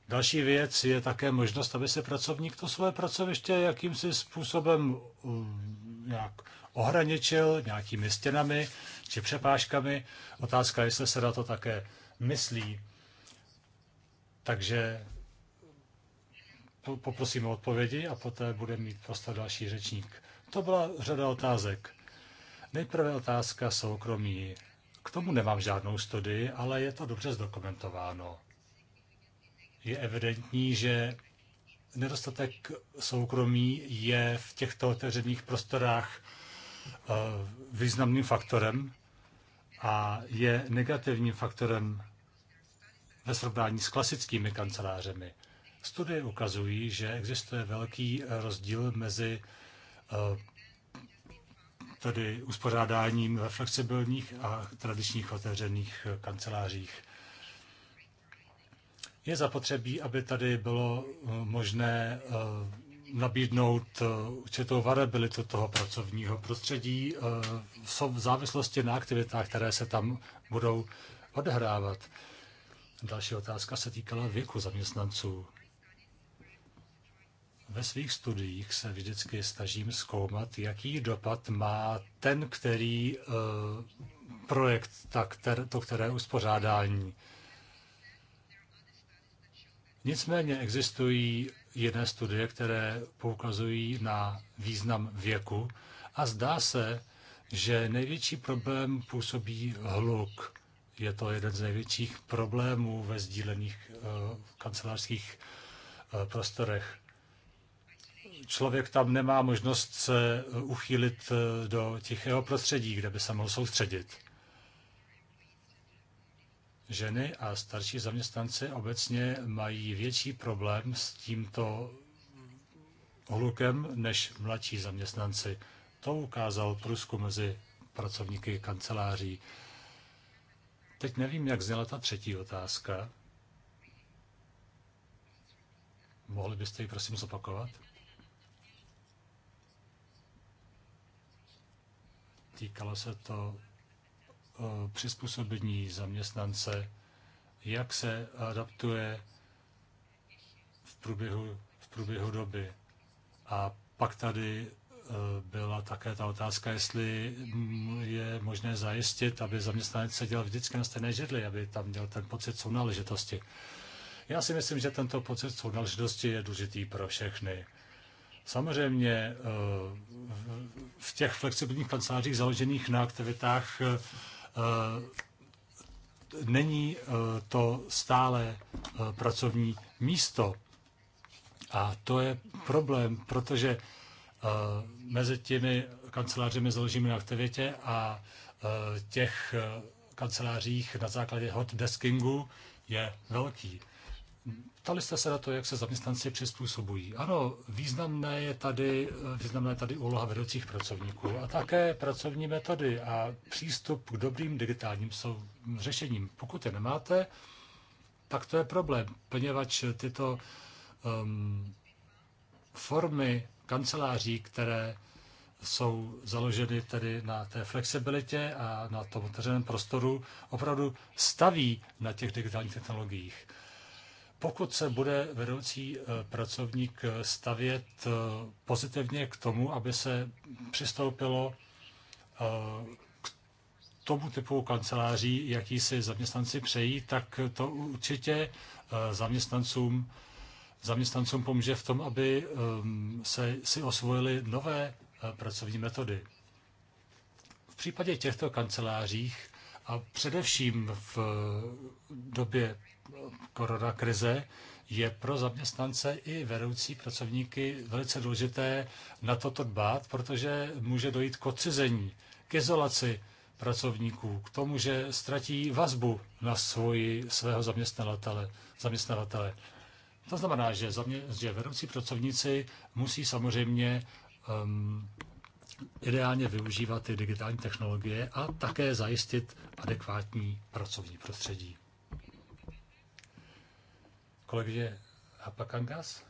Další věc je také možnost, aby se pracovník to svoje pracoviště jakýmsi způsobem hm, nějak ohraničil nějakými stěnami, či přepážkami. Otázka, jestli se na to také myslí. Takže poprosím o odpovědi a poté bude mít prostor další řečník. To byla řada otázek. Nejprve otázka soukromí. K tomu nemám žádnou studii, ale je to dobře zdokumentováno. Je evidentní, že nedostatek soukromí je v těchto otevřených prostorách eh, významným faktorem a je negativním faktorem ve srovnání s klasickými kancelářemi. Studie ukazují, že existuje velký rozdíl mezi eh, tedy uspořádáním ve flexibilních a tradičních otevřených kancelářích. Je zapotřebí, aby tady bylo eh, možné eh, nabídnout eh, určitou variabilitu toho pracovního prostředí eh, v závislosti na aktivitách, které se tam budou odehrávat. Další otázka se týkala věku zaměstnanců. Ve svých studiích se vždycky snažím zkoumat, jaký dopad má ten, který eh, projekt, tak to které uspořádání. Nicméně existují jedné studie, které poukazují na význam věku a zdá se, že největší problém působí hluk. Je to jeden z největších problémů ve sdílených uh, kancelářských uh, prostorech. Člověk tam nemá možnost se uchýlit eh, do tichého prostředí, kde by se mohl soustředit ženy a starší zaměstnanci obecně mají větší problém s tímto hlukem než mladší zaměstnanci. To ukázal průzkum mezi pracovníky kanceláří. Teď nevím, jak zněla ta třetí otázka. Mohli byste ji prosím zopakovat? Týkalo se to Eh, přizpůsobení zaměstnance, jak se adaptuje v průběhu, v průběhu doby. A pak tady eh, byla také ta otázka, jestli je možné zajistit, aby zaměstnanec seděl vždycky na stejné židli, aby tam měl ten pocit sounáležitosti. Já si myslím, že tento pocit sounáležitosti je důležitý pro všechny. Samozřejmě eh, v těch flexibilních kancelářích založených na aktivitách Eh, není eh, to stále eh, pracovní místo. A to je problém, protože mezi těmi kancelářemi založíme na aktivitě a těch kancelářích na základě hot deskingu je velký. Ptali jste se na to, jak se zaměstnanci přizpůsobují. Ano, významné je tady, významné tady úloha vedoucích pracovníků a také pracovní metody a přístup k dobrým digitálním řešením. Pokud je nemáte, tak to je problém, poněvadž tyto um, formy kanceláří, které jsou založeny tedy na té flexibilitě a na tom otevřeném prostoru, opravdu staví na těch digitálních technologiích. Pokud se bude vedoucí eh, pracovník eh, stavět eh, pozitivně k tomu, aby se přistoupilo k tomu typu kanceláří, jaký si zaměstnanci přejí, tak to určitě zaměstnancům, zaměstnancům pomůže v tom, aby se, si osvojili nové pracovní metody. V případě těchto kancelářích a především v době korona krize je pro zaměstnance i vedoucí pracovníky velice důležité na toto dbát, protože může dojít k odcizení, k izolaci pracovníků, k tomu, že ztratí vazbu na svoji, svého zaměstnavatele. zaměstnavatele. To znamená, že, zamě, že vedoucí pracovníci musí samozřejmě um, ideálně využívat ty digitální technologie a také zajistit adekvátní pracovní prostředí. Kolegyně Apakangas,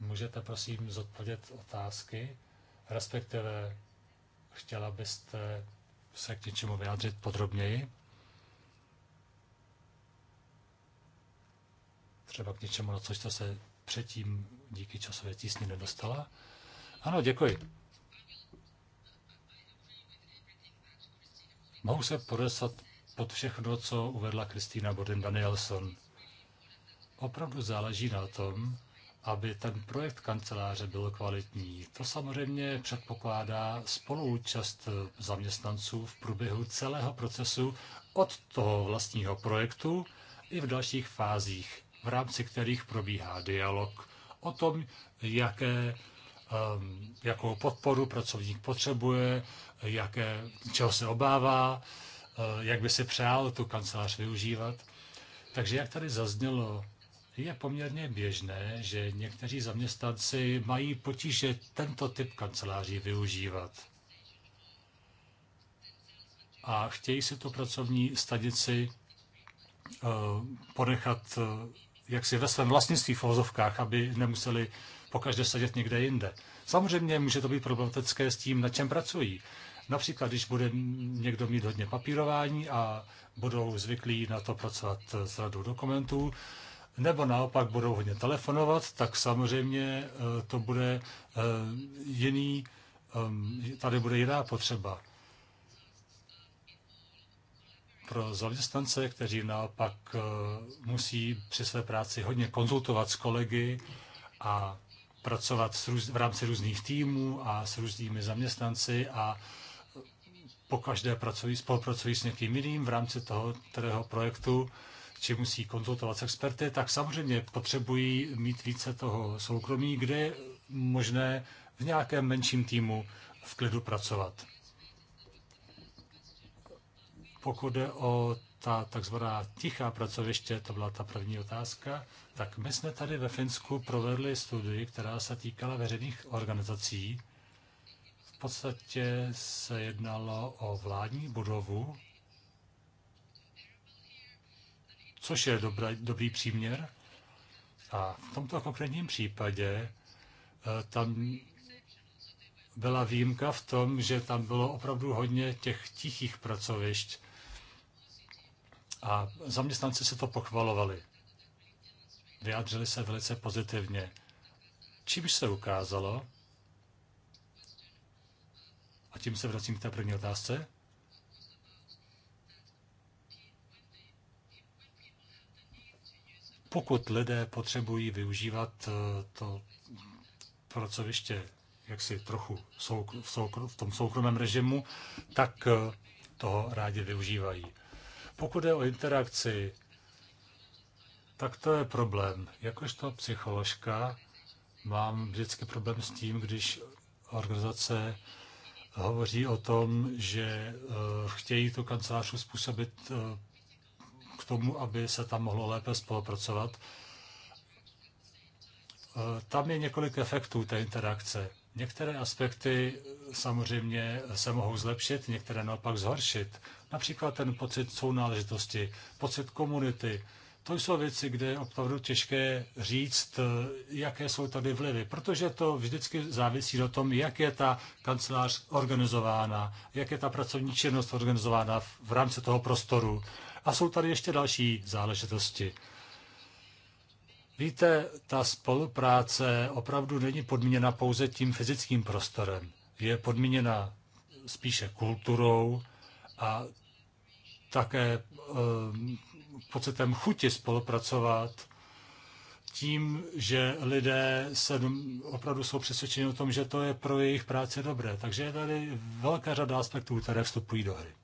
můžete prosím zodpovědět otázky, respektive chtěla byste se k něčemu vyjádřit podrobněji? Třeba k něčemu, na co jste se předtím díky časové tísni nedostala? Ano, děkuji. Mohu se podesat pod všechno, co uvedla Kristýna Gordon Danielson. Opravdu záleží na tom, aby ten projekt kanceláře byl kvalitní. To samozřejmě předpokládá spoluúčast zaměstnanců v průběhu celého procesu od toho vlastního projektu i v dalších fázích, v rámci kterých probíhá dialog o tom, jaké, ehm, jakou podporu pracovník potřebuje, jaké, čeho se obává, Eh, jak by si přál tu kancelář využívat. Takže jak tady zaznělo, je poměrně běžné, že někteří zaměstnanci mají potíže tento typ kanceláří využívat. A chtějí si tu pracovní stanici eh, ponechat eh, jaksi ve svém vlastnictví v ozovkách, aby nemuseli pokaždé sedět někde jinde. Samozřejmě může to být problematické s tím, na čem pracují. Například, když bude někdo mít hodně papírování a budou zvyklí na to pracovat s radou dokumentů, nebo naopak budou hodně telefonovat, tak samozřejmě eh, to bude eh, jiný, eh, tady bude jiná potřeba. Pro zaměstnance, kteří naopak musí při své práci hodně konzultovat s kolegy a pracovat v rámci různých týmů a s různými zaměstnanci a pokaždé pracují, spolupracují s někým jiným v rámci toho kterého projektu, či musí konzultovat s experty, tak samozřejmě potřebují mít více toho soukromí, kde je možné v nějakém menším týmu v klidu pracovat. Pokud jde o ta takzvaná tichá pracoviště, to byla ta první otázka, tak my jsme tady ve Finsku provedli studii, která se týkala veřejných organizací, podstatě se jednalo o vládní budovu, což je dobrý, dobrý příměr. A v tomto konkrétním případě eh, tam byla výjimka v tom, že tam bylo opravdu hodně těch tichých pracovišť a zaměstnanci se to pochvalovali. Vyjádřili se velice pozitivně. Čímž se ukázalo, a tím se vracím k té první otázce. Pokud lidé potřebují využívat eh, to pracoviště jaksi trochu souk- v, soukru, v tom soukromém režimu, tak eh, toho rádi využívají. Pokud je o interakci, tak to je problém. Jakožto psycholožka mám vždycky problém s tím, když organizace hovoří o tom, že eh, chtějí tu kancelář způsobit eh, k tomu, aby se tam mohlo lépe spolupracovat. Eh, tam je několik efektů té interakce. Některé aspekty samozřejmě se mohou zlepšit, některé naopak zhoršit. Například ten pocit sounáležitosti, pocit komunity, to jsou věci, kde je opravdu těžké říct, eh, jaké jsou tady vlivy, protože to vždycky závisí na tom, jak je ta kancelář organizována, jak je ta pracovní činnost organizována v rámci toho prostoru. A jsou tady ještě další záležitosti. Víte, ta spolupráce opravdu není podmíněna pouze tím fyzickým prostorem. Je podmíněna spíše kulturou a také um, pocitem chuti spolupracovat, tím, že lidé se opravdu jsou přesvědčeni o tom, že to je pro jejich práci dobré. Takže je tady velká řada aspektů, které vstupují do hry.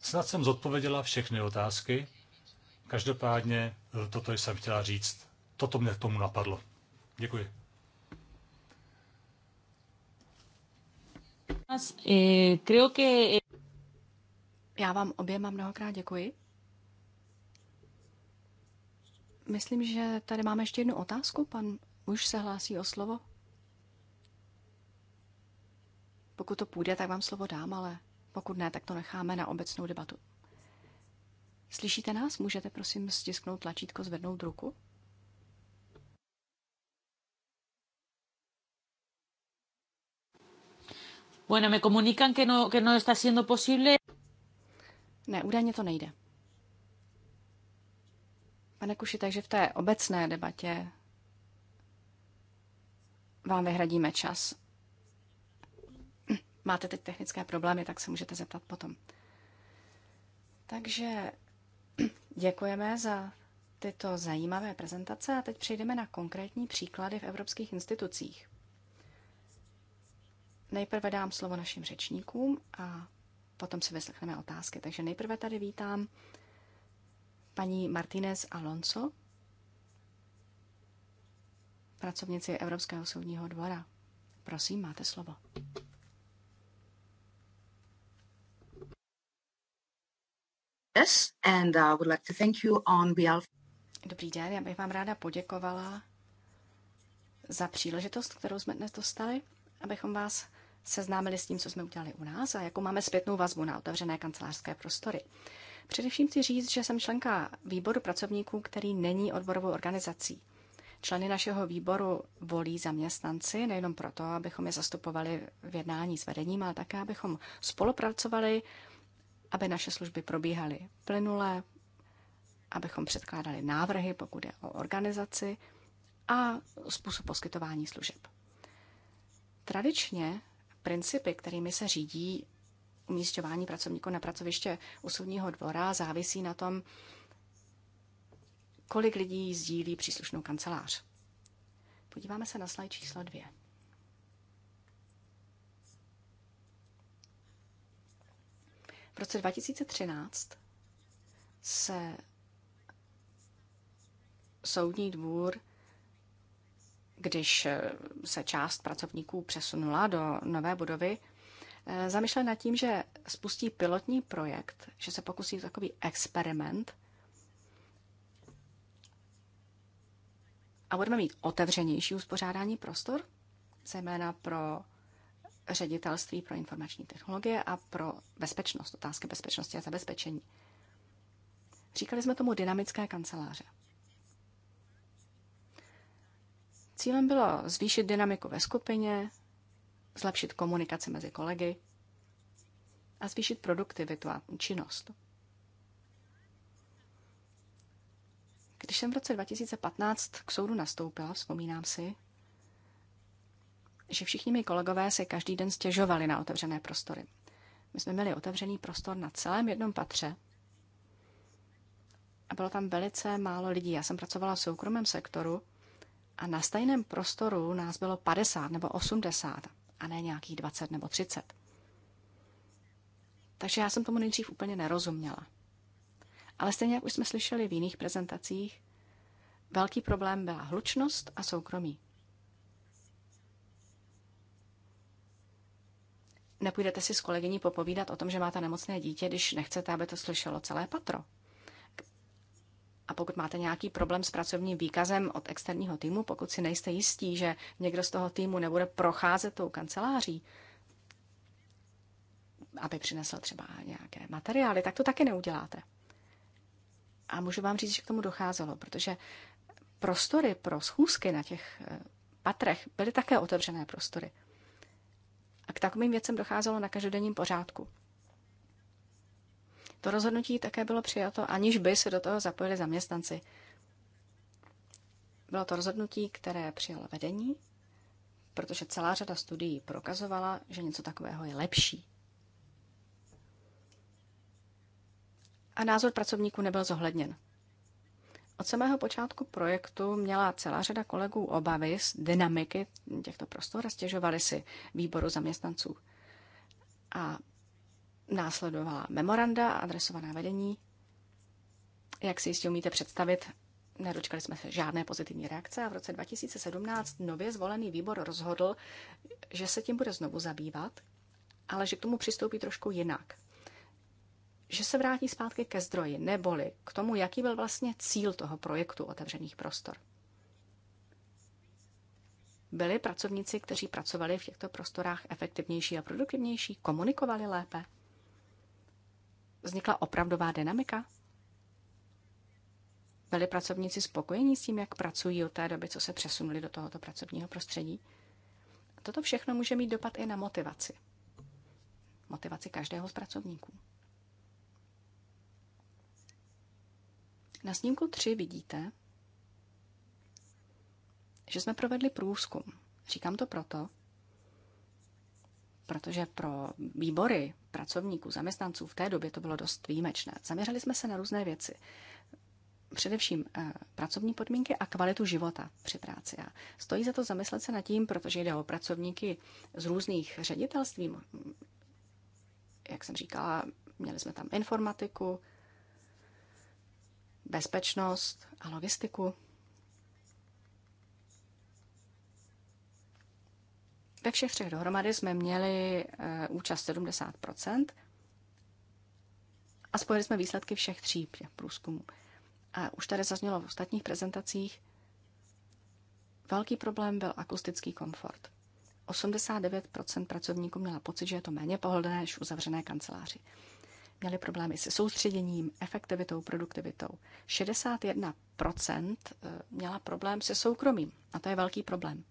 Snad jsem zodpověděla všechny otázky. Každopádně eh, toto jsem chtěla říct. Toto mě k tomu napadlo. Děkuji. Eh, creo que já vám oběma mnohokrát děkuji. Myslím, že tady máme ještě jednu otázku. Pan muž se hlásí o slovo. Pokud to půjde, tak vám slovo dám, ale pokud ne, tak to necháme na obecnou debatu. Slyšíte nás? Můžete prosím stisknout tlačítko, zvednout ruku? Bueno, me comunican que no, que no está siendo posible. Ne, údajně to nejde. Pane Kuši, takže v té obecné debatě vám vyhradíme čas. Máte teď technické problémy, tak se můžete zeptat potom. Takže děkujeme za tyto zajímavé prezentace a teď přejdeme na konkrétní příklady v evropských institucích. Nejprve dám slovo našim řečníkům a potom si vyslechneme otázky. Takže nejprve tady vítám paní Martínez Alonso, pracovnici Evropského soudního dvora. Prosím, máte slovo. Yes, and I uh, would like to thank you on behalf... Dobrý den, já bych vám ráda poděkovala za příležitost, kterou jsme dnes dostali, abychom vás seznámili s tím, co jsme udělali u nás a jakou máme zpětnou vazbu na otevřené kancelářské prostory. Především chci říct, že jsem členka výboru pracovníků, který není odborovou organizací. Členy našeho výboru volí zaměstnanci nejenom proto, abychom je zastupovali v jednání s vedením, ale také, abychom spolupracovali, aby naše služby probíhaly plynule, abychom předkládali návrhy, pokud je o organizaci a způsob poskytování služeb. Tradičně principy, kterými se řídí umístěvání pracovníků na pracoviště u soudního dvora, závisí na tom, kolik lidí sdílí příslušnou kancelář. Podíváme se na slide číslo dvě. V roce 2013 se soudní dvůr když eh, se část pracovníků přesunula do nové budovy, eh, zamýšlel nad tím, že spustí pilotní projekt, že se pokusí takový experiment a budeme mít otevřenější uspořádání prostor, zejména pro ředitelství pro informační technologie a pro bezpečnost, otázky bezpečnosti a zabezpečení. Říkali jsme tomu dynamické kanceláře. Cílem bylo zvýšit dynamiku ve skupině, zlepšit komunikaci mezi kolegy a zvýšit produktivitu a účinnost. Když jsem v roce 2015 k soudu nastoupila, vzpomínám si, že všichni mi kolegové se každý den stěžovali na otevřené prostory. My jsme měli otevřený prostor na celém jednom patře a bylo tam velice málo lidí. Já jsem pracovala v soukromém sektoru a na stejném prostoru nás bylo 50 nebo 80 a ne nějakých 20 nebo 30. Takže já jsem tomu nejdřív úplně nerozuměla. Ale stejně jak už jsme slyšeli v jiných prezentacích, velký problém byla hlučnost a soukromí. Nepůjdete si s kolegyní popovídat o tom, že máte nemocné dítě, když nechcete, aby to slyšelo celé patro. A pokud máte nějaký problém s pracovním výkazem od externího týmu, pokud si nejste jistí, že někdo z toho týmu nebude procházet tou kanceláří, aby přinesl třeba nějaké materiály, tak to taky neuděláte. A můžu vám říct, že k tomu docházelo, protože prostory pro schůzky na těch eh, patrech byly také otevřené prostory. A k takovým věcem docházelo na každodenním pořádku. To rozhodnutí také bylo přijato, aniž by se do toho zapojili zaměstnanci. Bylo to rozhodnutí, které přijalo vedení, protože celá řada studií prokazovala, že něco takového je lepší. A názor pracovníků nebyl zohledněn. Od samého počátku projektu měla celá řada kolegů obavy z dynamiky těchto prostor a stěžovali si výboru zaměstnanců. A Následovala memoranda adresovaná vedení. Jak si jistě umíte představit, nedočkali jsme se žádné pozitivní reakce a v roce 2017 nově zvolený výbor rozhodl, že se tím bude znovu zabývat, ale že k tomu přistoupí trošku jinak. Že se vrátí zpátky ke zdroji, neboli k tomu, jaký byl vlastně cíl toho projektu otevřených prostor. Byli pracovníci, kteří pracovali v těchto prostorách efektivnější a produktivnější, komunikovali lépe? vznikla opravdová dynamika? Byli pracovníci spokojení s tím, jak pracují od té doby, co se přesunuli do tohoto pracovního prostředí? A toto všechno může mít dopad i na motivaci. Motivaci každého z pracovníků. Na snímku 3 vidíte, že jsme provedli průzkum. Říkám to proto, protože pro výbory pracovníků, zaměstnanců. V té době to bylo dost výjimečné. Zaměřili jsme se na různé věci. Především eh, pracovní podmínky a kvalitu života při práci. A stojí za to zamyslet se nad tím, protože jde o pracovníky z různých ředitelství. Jak jsem říkala, měli jsme tam informatiku, bezpečnost a logistiku. Ve všech třech dohromady jsme měli eh, účast 70 a spojili jsme výsledky všech tří průzkumů. A už tady zaznělo v ostatních prezentacích, velký problém byl akustický komfort. 89% pracovníků měla pocit, že je to méně pohodlné než uzavřené kanceláři. Měli problémy se soustředěním, efektivitou, produktivitou. 61% eh, měla problém se soukromím a to je velký problém.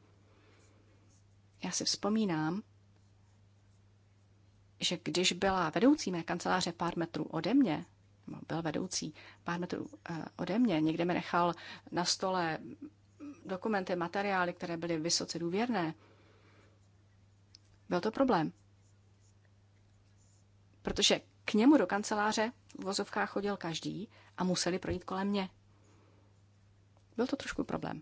Já si vzpomínám, že když byla vedoucí mé kanceláře pár metrů ode mě, nebo byl vedoucí pár metrů eh, ode mě, někde mi nechal na stole dokumenty, materiály, které byly vysoce důvěrné, byl to problém. Protože k němu do kanceláře v vozovkách chodil každý a museli projít kolem mě. Byl to trošku problém.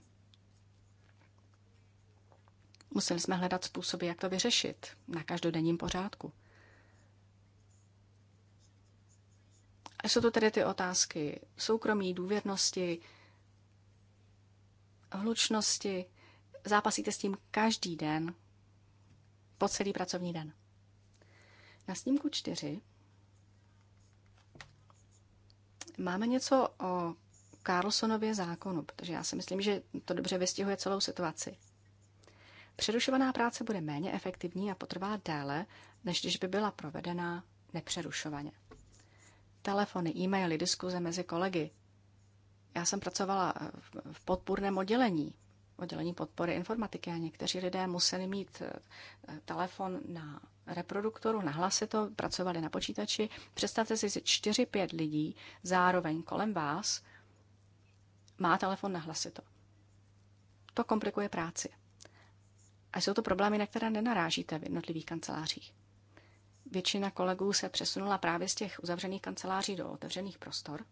Museli jsme hledat způsoby, jak to vyřešit na každodenním pořádku. A jsou to tedy ty otázky soukromí, důvěrnosti, hlučnosti. Zápasíte s tím každý den, po celý pracovní den. Na snímku čtyři máme něco o Carlsonově zákonu, protože já si myslím, že to dobře vystihuje celou situaci. Přerušovaná práce bude méně efektivní a potrvá déle, než když by byla provedena nepřerušovaně. Telefony, e-maily, diskuze mezi kolegy. Já jsem pracovala eh, v podpůrném oddělení, oddělení podpory informatiky a někteří lidé museli mít eh, telefon na reproduktoru, nahlasit to, pracovali na počítači. Představte si, že 4-5 lidí zároveň kolem vás má telefon na hlasito. To komplikuje práci. A jsou to problémy, na které nenarážíte v jednotlivých kancelářích. Většina kolegů se přesunula právě z těch uzavřených kanceláří do otevřených prostor.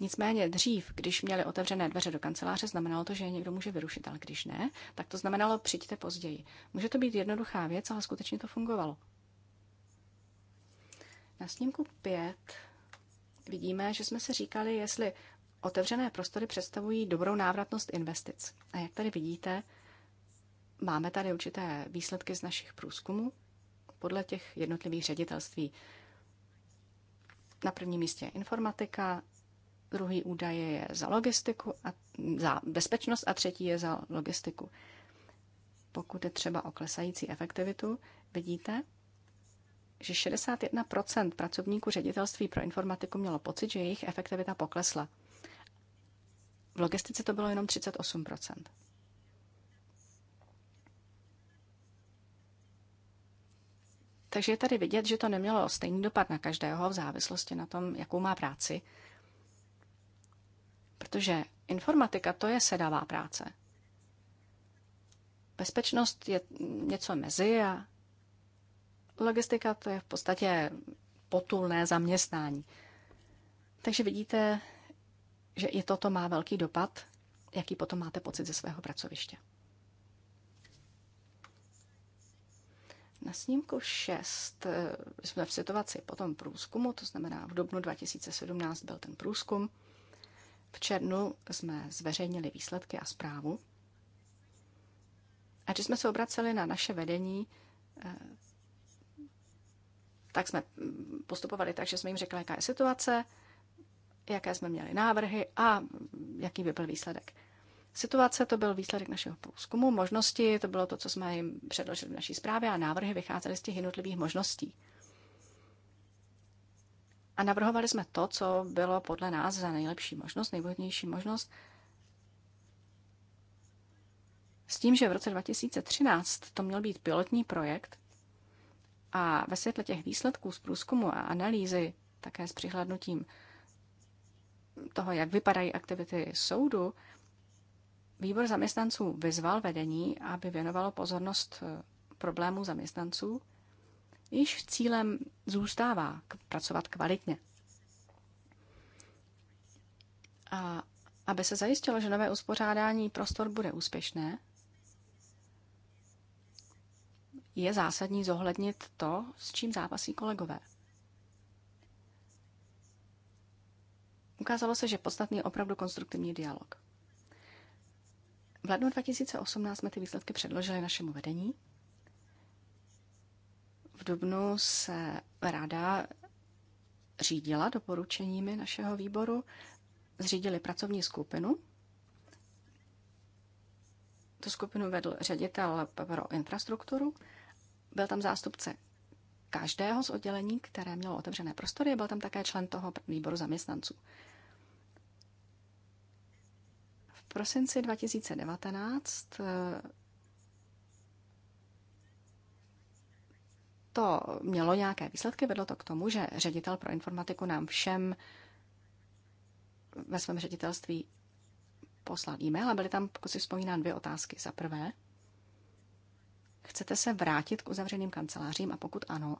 Nicméně dřív, když měli otevřené dveře do kanceláře, znamenalo to, že je někdo může vyrušit, ale když ne, tak to znamenalo přijďte později. Může to být jednoduchá věc, ale skutečně to fungovalo. Na snímku 5 vidíme, že jsme se říkali, jestli Otevřené prostory představují dobrou návratnost investic. A jak tady vidíte, máme tady určité výsledky z našich průzkumů podle těch jednotlivých ředitelství. Na prvním místě je informatika, druhý údaj je za logistiku a za bezpečnost a třetí je za logistiku. Pokud je třeba o klesající efektivitu, vidíte, že 61% pracovníků ředitelství pro informatiku mělo pocit, že jejich efektivita poklesla. V logistice to bylo jenom 38 Takže je tady vidět, že to nemělo stejný dopad na každého v závislosti na tom, jakou má práci. Protože informatika to je sedavá práce. Bezpečnost je něco mezi a logistika to je v podstatě potulné zaměstnání. Takže vidíte, že i toto má velký dopad, jaký potom máte pocit ze svého pracoviště. Na snímku 6 eh, jsme v situaci po tom průzkumu, to znamená v dubnu 2017 byl ten průzkum. V červnu jsme zveřejnili výsledky a zprávu. A když jsme se obraceli na naše vedení, eh, tak jsme postupovali tak, že jsme jim řekli, jaká je situace, jaké jsme měli návrhy a jaký by byl výsledek. Situace to byl výsledek našeho průzkumu, možnosti, to bylo to, co jsme jim předložili v naší zprávě a návrhy vycházely z těch jednotlivých možností. A navrhovali jsme to, co bylo podle nás za nejlepší možnost, nejvhodnější možnost, s tím, že v roce 2013 to měl být pilotní projekt a ve světle těch výsledků z průzkumu a analýzy, také s přihlednutím toho, jak vypadají aktivity soudu, výbor zaměstnanců vyzval vedení, aby věnovalo pozornost eh, problémů zaměstnanců, již cílem zůstává pracovat kvalitně. A aby se zajistilo, že nové uspořádání prostor bude úspěšné, je zásadní zohlednit to, s čím zápasí kolegové. Ukázalo se, že podstatný je opravdu konstruktivní dialog. V lednu 2018 jsme ty výsledky předložili našemu vedení. V dubnu se ráda řídila doporučeními našeho výboru, zřídili pracovní skupinu. Tu skupinu vedl ředitel pro infrastrukturu. Byl tam zástupce každého z oddělení, které mělo otevřené prostory, byl tam také člen toho výboru zaměstnanců prosinci 2019 eh, to mělo nějaké výsledky, vedlo to k tomu, že ředitel pro informatiku nám všem ve svém ředitelství poslal e-mail a byly tam, pokud si vzpomínám, dvě otázky. Za prvé, chcete se vrátit k uzavřeným kancelářím a pokud ano,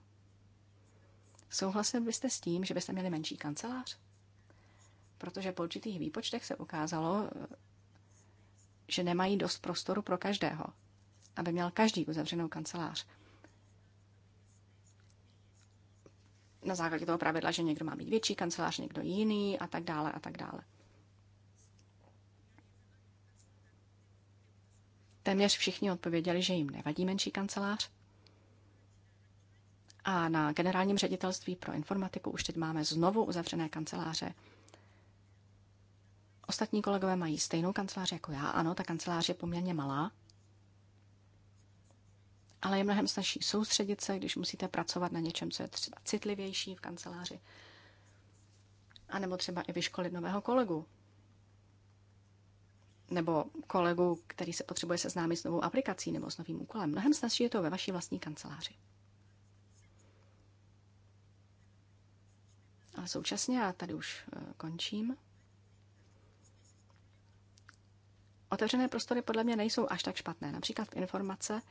souhlasil byste s tím, že byste měli menší kancelář? Protože po určitých výpočtech se ukázalo, že nemají dost prostoru pro každého, aby měl každý uzavřenou kancelář. Na základě toho pravidla, že někdo má mít větší kancelář, někdo jiný a tak dále a tak dále. Téměř všichni odpověděli, že jim nevadí menší kancelář. A na generálním ředitelství pro informatiku už teď máme znovu uzavřené kanceláře, Ostatní kolegové mají stejnou kancelář jako já. Ano, ta kancelář je poměrně malá, ale je mnohem snažší soustředit se, když musíte pracovat na něčem, co je třeba citlivější v kanceláři. A nebo třeba i vyškolit nového kolegu. Nebo kolegu, který se potřebuje seznámit s novou aplikací nebo s novým úkolem. Mnohem snažší je to ve vaší vlastní kanceláři. Ale současně, já tady už eh, končím, Otevřené prostory podle mě nejsou až tak špatné. Například v informace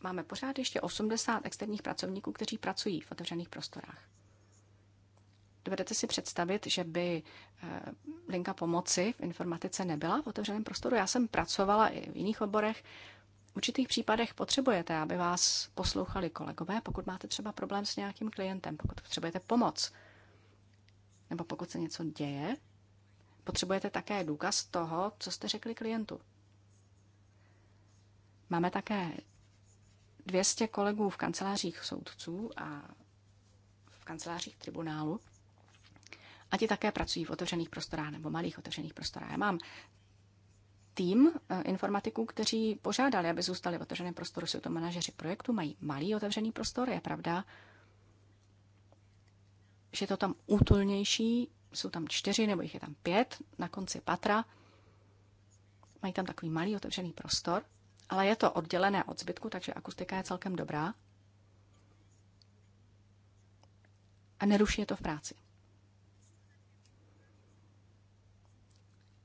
máme pořád ještě 80 externích pracovníků, kteří pracují v otevřených prostorách. Dovedete si představit, že by eh, linka pomoci v informatice nebyla v otevřeném prostoru? Já jsem pracovala i v jiných oborech. V určitých případech potřebujete, aby vás poslouchali kolegové, pokud máte třeba problém s nějakým klientem, pokud potřebujete pomoc, nebo pokud se něco děje, Potřebujete také důkaz toho, co jste řekli klientu. Máme také 200 kolegů v kancelářích soudců a v kancelářích tribunálu. A ti také pracují v otevřených prostorách nebo malých otevřených prostorách. Já mám tým eh, informatiků, kteří požádali, aby zůstali v otevřeném prostoru. Jsou to manažeři projektu, mají malý otevřený prostor. Je pravda, že je to tam útulnější jsou tam čtyři nebo jich je tam pět na konci patra. Mají tam takový malý otevřený prostor, ale je to oddělené od zbytku, takže akustika je celkem dobrá. A neruší je to v práci.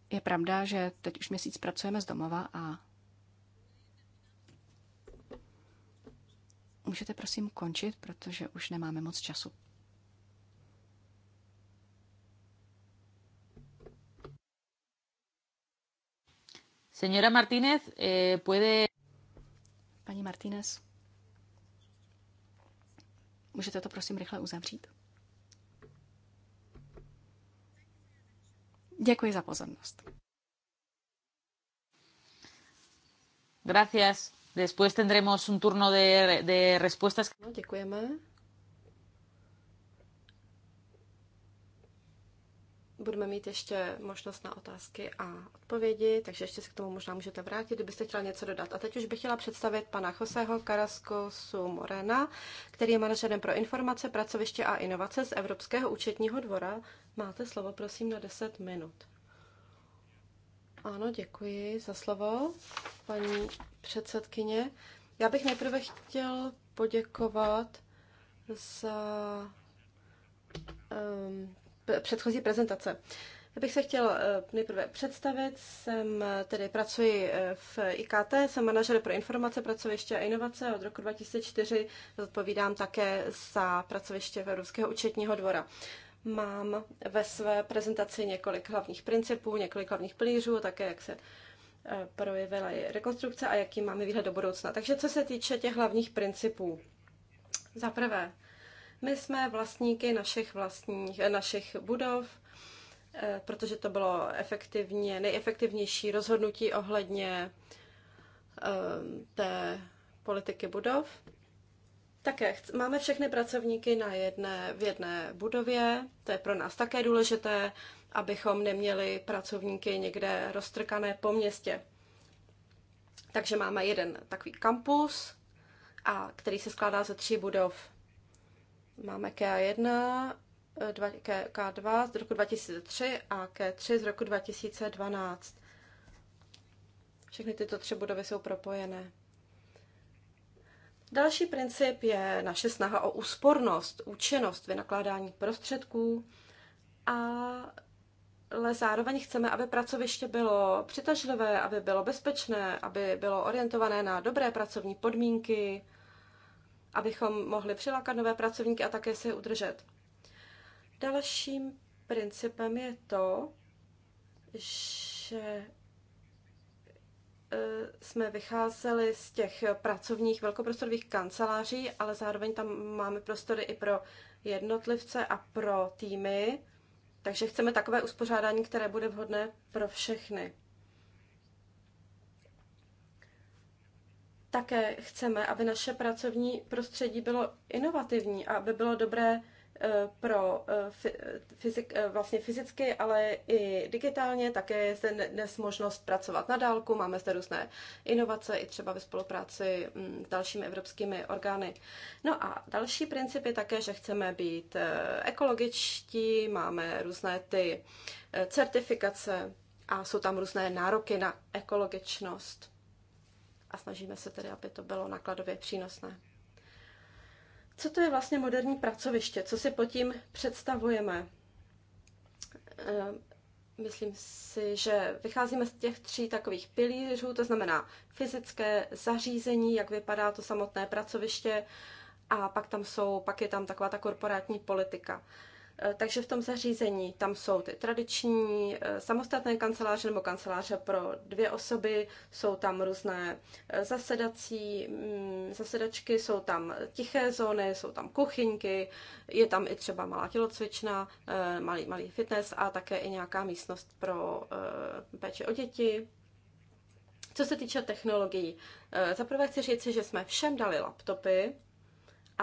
Je pravda, že teď už měsíc pracujeme z domova a můžete prosím končit, protože už nemáme moc času. Señora Martínez, eh, puede. Paní Martínez, můžete to prosím rychle uzavřít? Děkuji za pozornost. Gracias. Después tendremos un turno de, de respuestas. No, děkujeme. budeme mít ještě možnost na otázky a odpovědi, takže ještě se k tomu možná můžete vrátit, kdybyste chtěla něco dodat. A teď už bych chtěla představit pana Joseho Su Morena, který je manažerem pro informace, pracoviště a inovace z Evropského účetního dvora. Máte slovo, prosím, na 10 minut. Ano, děkuji za slovo, paní předsedkyně. Já bych nejprve chtěl poděkovat za um, předchozí prezentace. Já bych se chtěla eh, nejprve představit. Jsem, eh, tedy pracuji eh, v IKT, jsem manažer pro informace, pracoviště a inovace. Od roku 2004 odpovídám také za pracoviště v Evropského účetního dvora. Mám ve své prezentaci několik hlavních principů, několik hlavních pilířů, také jak se projevila i rekonstrukce a jaký máme výhled do budoucna. Takže co se týče těch hlavních principů. Za prvé, my jsme vlastníky našich vlastních, eh, našich budov, eh, protože to bylo efektivně, nejefektivnější rozhodnutí ohledně eh, té politiky budov. Také máme všechny pracovníky na jedné, v jedné budově, to je pro nás také důležité, abychom neměli pracovníky někde roztrkané po městě. Takže máme jeden takový kampus, a který se skládá ze tří budov. Máme K1, eh, K2 z roku 2003 a K3 z roku 2012. Všechny tyto tři budovy jsou propojené. Další princip je naše snaha o úspornost, účinnost vynakládání prostředků, ale zároveň chceme, aby pracoviště bylo přitažlivé, aby bylo bezpečné, aby bylo orientované na dobré pracovní podmínky, abychom mohli přilákat nové pracovníky a také si je udržet. Dalším principem je to, že e, jsme vycházeli z těch pracovních velkoprostorových kanceláří, ale zároveň tam máme prostory i pro jednotlivce a pro týmy, takže chceme takové uspořádání, které bude vhodné pro všechny. Také chceme, aby naše pracovní prostředí bylo inovativní a aby bylo dobré eh, pro eh, fyzik, eh, vlastně fyzicky, ale i digitálně. Také je zde dnes možnost pracovat na dálku. Máme zde různé inovace i třeba ve spolupráci mm, s dalšími evropskými orgány. No a další princip je také, že chceme být ekologičtí, máme různé ty certifikace a jsou tam různé nároky na ekologičnost a snažíme se tedy, aby to bylo nakladově přínosné. Co to je vlastně moderní pracoviště? Co si pod tím představujeme? Eh, myslím si, že vycházíme z těch tří takových pilířů, to znamená fyzické zařízení, jak vypadá to samotné pracoviště, a pak tam jsou, pak je tam taková ta korporátní politika. Eh, takže v tom zařízení tam jsou ty tradiční eh, samostatné kanceláře nebo kanceláře pro dvě osoby, jsou tam různé eh, zasedací, mm, zasedačky, jsou tam tiché zóny, jsou tam kuchyňky, je tam i třeba malá tělocvična, malý, malý fitness a také i nějaká místnost pro péči o děti. Co se týče technologií, zaprvé chci říct, že jsme všem dali laptopy,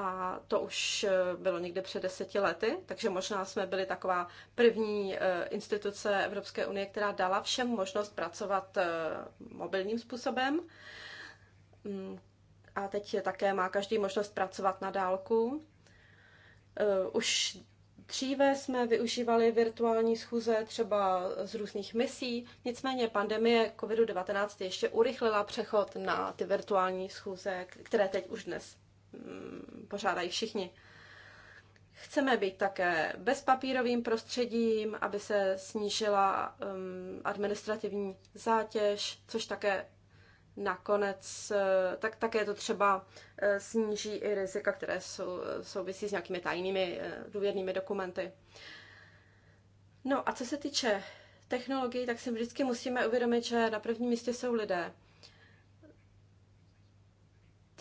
a to už eh, bylo někde před deseti lety, takže možná jsme byli taková první eh, instituce Evropské unie, která dala všem možnost pracovat eh, mobilním způsobem. Mm, a teď je také má každý možnost pracovat na dálku. Už dříve jsme využívali virtuální schůze třeba z různých misí, nicméně pandemie COVID-19 ještě urychlila přechod na ty virtuální schůze, které teď už dnes Mm, pořádají všichni. Chceme být také bezpapírovým prostředím, aby se snížila um, administrativní zátěž, což také nakonec, eh, tak také to třeba eh, sníží i rizika, které jsou, souvisí s nějakými tajnými eh, důvěrnými dokumenty. No a co se týče technologií, tak si vždycky musíme uvědomit, že na prvním místě jsou lidé.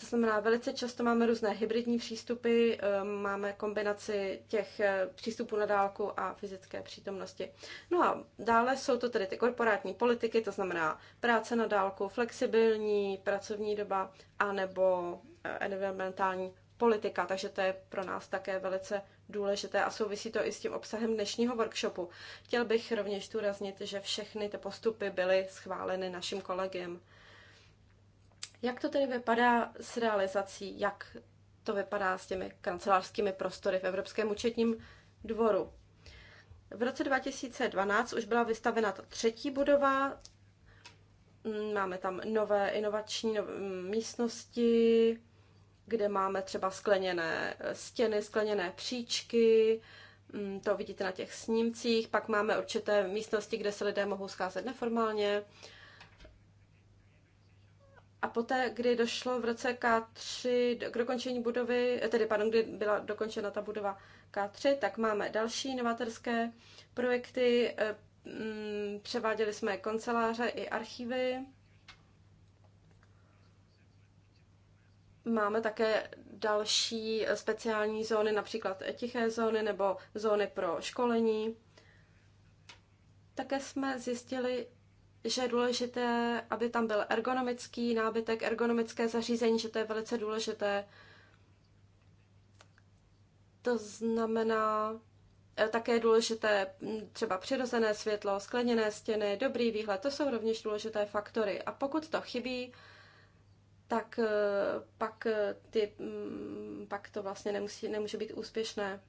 To znamená, velice často máme různé hybridní přístupy, ehm, máme kombinaci těch eh, přístupů na dálku a fyzické přítomnosti. No a dále jsou to tedy ty korporátní politiky, to znamená práce na dálku, flexibilní pracovní doba a nebo eh, environmentální politika, takže to je pro nás také velice důležité a souvisí to i s tím obsahem dnešního workshopu. Chtěl bych rovněž zdůraznit, že všechny ty postupy byly schváleny naším kolegiem. Jak to tedy vypadá s realizací? Jak to vypadá s těmi kancelářskými prostory v Evropském účetním dvoru? V roce 2012 už byla vystavena ta třetí budova. Mm, máme tam nové inovační mm, místnosti, kde máme třeba skleněné eh, stěny, skleněné příčky, mm, to vidíte na těch snímcích. Pak máme určité místnosti, kde se lidé mohou scházet neformálně. A poté, kdy došlo v roce K3 k dokončení budovy, tedy pardon, kdy byla dokončena ta budova K3, tak máme další novatorské projekty. E, mm, převáděli jsme kanceláře i archivy. Máme také další speciální zóny, například tiché zóny nebo zóny pro školení. Také jsme zjistili, že je důležité, aby tam byl ergonomický nábytek, ergonomické zařízení, že to je velice důležité. To znamená, eh, také je důležité mm, třeba přirozené světlo, skleněné stěny, dobrý výhled, to jsou rovněž důležité faktory. A pokud to chybí, tak eh, pak, eh, ty, mm, pak to vlastně nemusí, nemůže být úspěšné.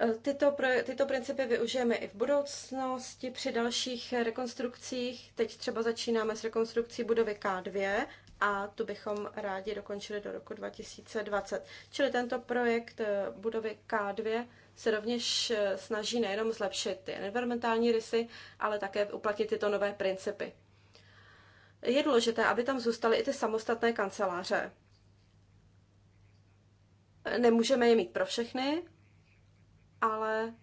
Eh, tyto, pro, tyto principy využijeme i v budoucnosti při dalších eh, rekonstrukcích. Teď třeba začínáme s rekonstrukcí budovy K2 a tu bychom rádi dokončili do roku 2020. Čili tento projekt eh, budovy K2 se rovněž snaží nejenom zlepšit ty environmentální rysy, ale také uplatnit tyto nové principy. Je důležité, aby tam zůstaly i ty samostatné kanceláře. Nemůžeme je mít pro všechny, ale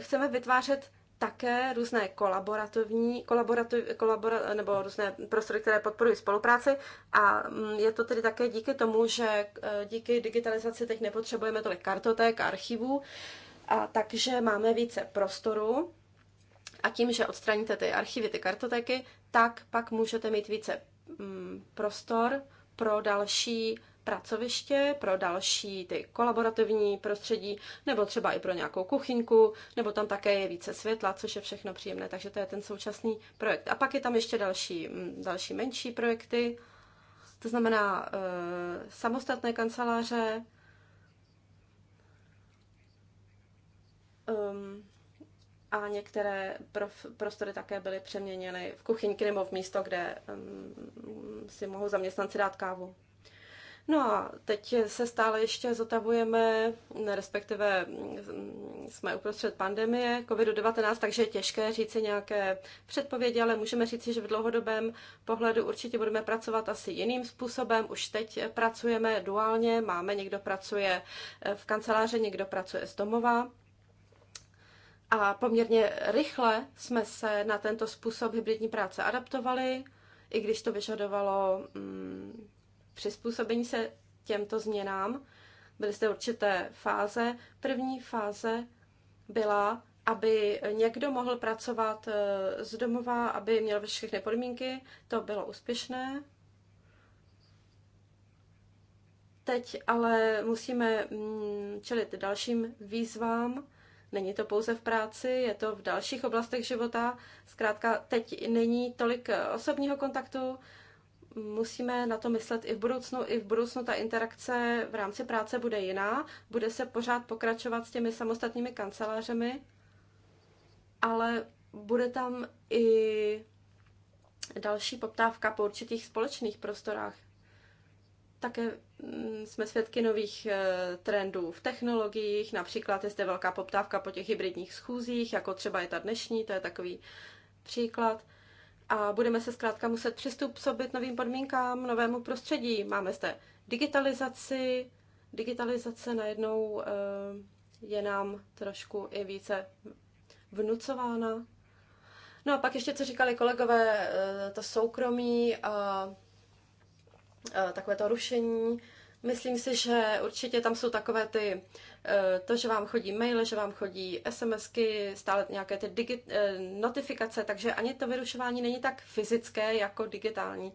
chceme vytvářet také různé kolaborativní, kolaborativ, kolabora, nebo různé prostory, které podporují spolupráci a mm, je to tedy také díky tomu, že eh, díky digitalizaci teď nepotřebujeme tolik kartotek archivů, a takže máme více prostoru a tím, že odstraníte ty archivy, ty kartotéky, tak pak můžete mít více mm, prostor pro další pracoviště pro další ty kolaborativní prostředí, nebo třeba i pro nějakou kuchyňku, nebo tam také je více světla, což je všechno příjemné, takže to je ten současný projekt. A pak je tam ještě další, mm, další menší projekty, to znamená e, samostatné kanceláře, um, a některé prof, prostory také byly přeměněny v kuchyňky nebo v místo, kde um, si mohou zaměstnanci dát kávu. No a teď se stále ještě zotavujeme, respektive mm, jsme uprostřed pandemie COVID-19, takže je těžké říci nějaké předpovědi, ale můžeme říci, že v dlouhodobém pohledu určitě budeme pracovat asi jiným způsobem. Už teď pracujeme duálně, máme, někdo pracuje eh, v kanceláři, někdo pracuje z domova. A poměrně rychle jsme se na tento způsob hybridní práce adaptovali, i když to vyžadovalo mm, přizpůsobení se těmto změnám. Byly zde určité fáze. První fáze byla, aby někdo mohl pracovat eh, z domova, aby měl všechny podmínky. To bylo úspěšné. Teď ale musíme mm, čelit dalším výzvám. Není to pouze v práci, je to v dalších oblastech života. Zkrátka, teď není tolik eh, osobního kontaktu, musíme na to myslet i v budoucnu. I v budoucnu ta interakce v rámci práce bude jiná, bude se pořád pokračovat s těmi samostatnými kancelářemi, ale bude tam i další poptávka po určitých společných prostorách. Také mm, jsme svědky nových e, trendů v technologiích, například je zde velká poptávka po těch hybridních schůzích, jako třeba je ta dnešní, to je takový příklad a budeme se zkrátka muset přistupsobit novým podmínkám, novému prostředí. Máme zde digitalizaci, digitalizace najednou eh, je nám trošku i více vnucována. No a pak ještě, co říkali kolegové, eh, to soukromí a eh, takové to rušení. Myslím si, že určitě tam jsou takové ty, eh, to, že vám chodí maily, že vám chodí SMSky, stále nějaké ty digi- eh, notifikace, takže ani to vyrušování není tak fyzické jako digitální.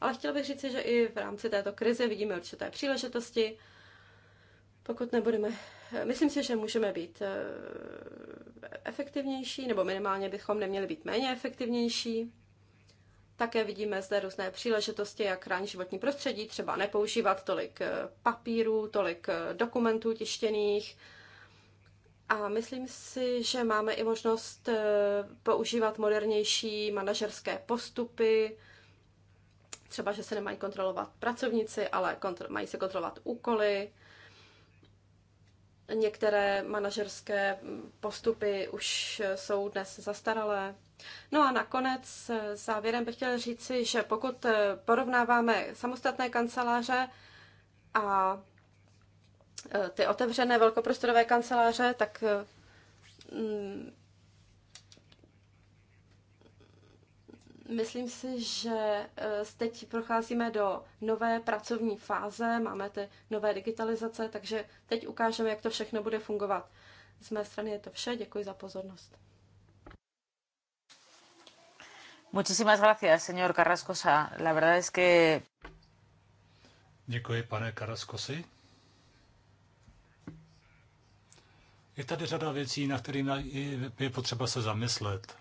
Ale chtěla bych říct, že i v rámci této krize vidíme určité příležitosti. Pokud nebudeme, eh, myslím si, že můžeme být efektivnější, nebo minimálně bychom neměli být méně efektivnější. Také vidíme zde různé příležitosti, jak chránit životní prostředí, třeba nepoužívat tolik eh, papíru, tolik eh, dokumentů tištěných. A myslím si, že máme i možnost eh, používat modernější manažerské postupy, třeba, že se nemají kontrolovat pracovníci, ale kontro- mají se kontrolovat úkoly. Některé manažerské mm, postupy už jsou dnes zastaralé. No a nakonec eh, závěrem bych chtěla říci, že pokud eh, porovnáváme samostatné kanceláře a eh, ty otevřené velkoprostorové kanceláře, tak mm, myslím si, že teď procházíme do nové pracovní fáze, máme ty nové digitalizace, takže teď ukážeme, jak to všechno bude fungovat. Z mé strany je to vše, děkuji za pozornost. Muchísimas gracias, señor Carrascosa. La verdad es que... Děkuji, pane Karaskosi. Je tady řada věcí, na které je potřeba se zamyslet.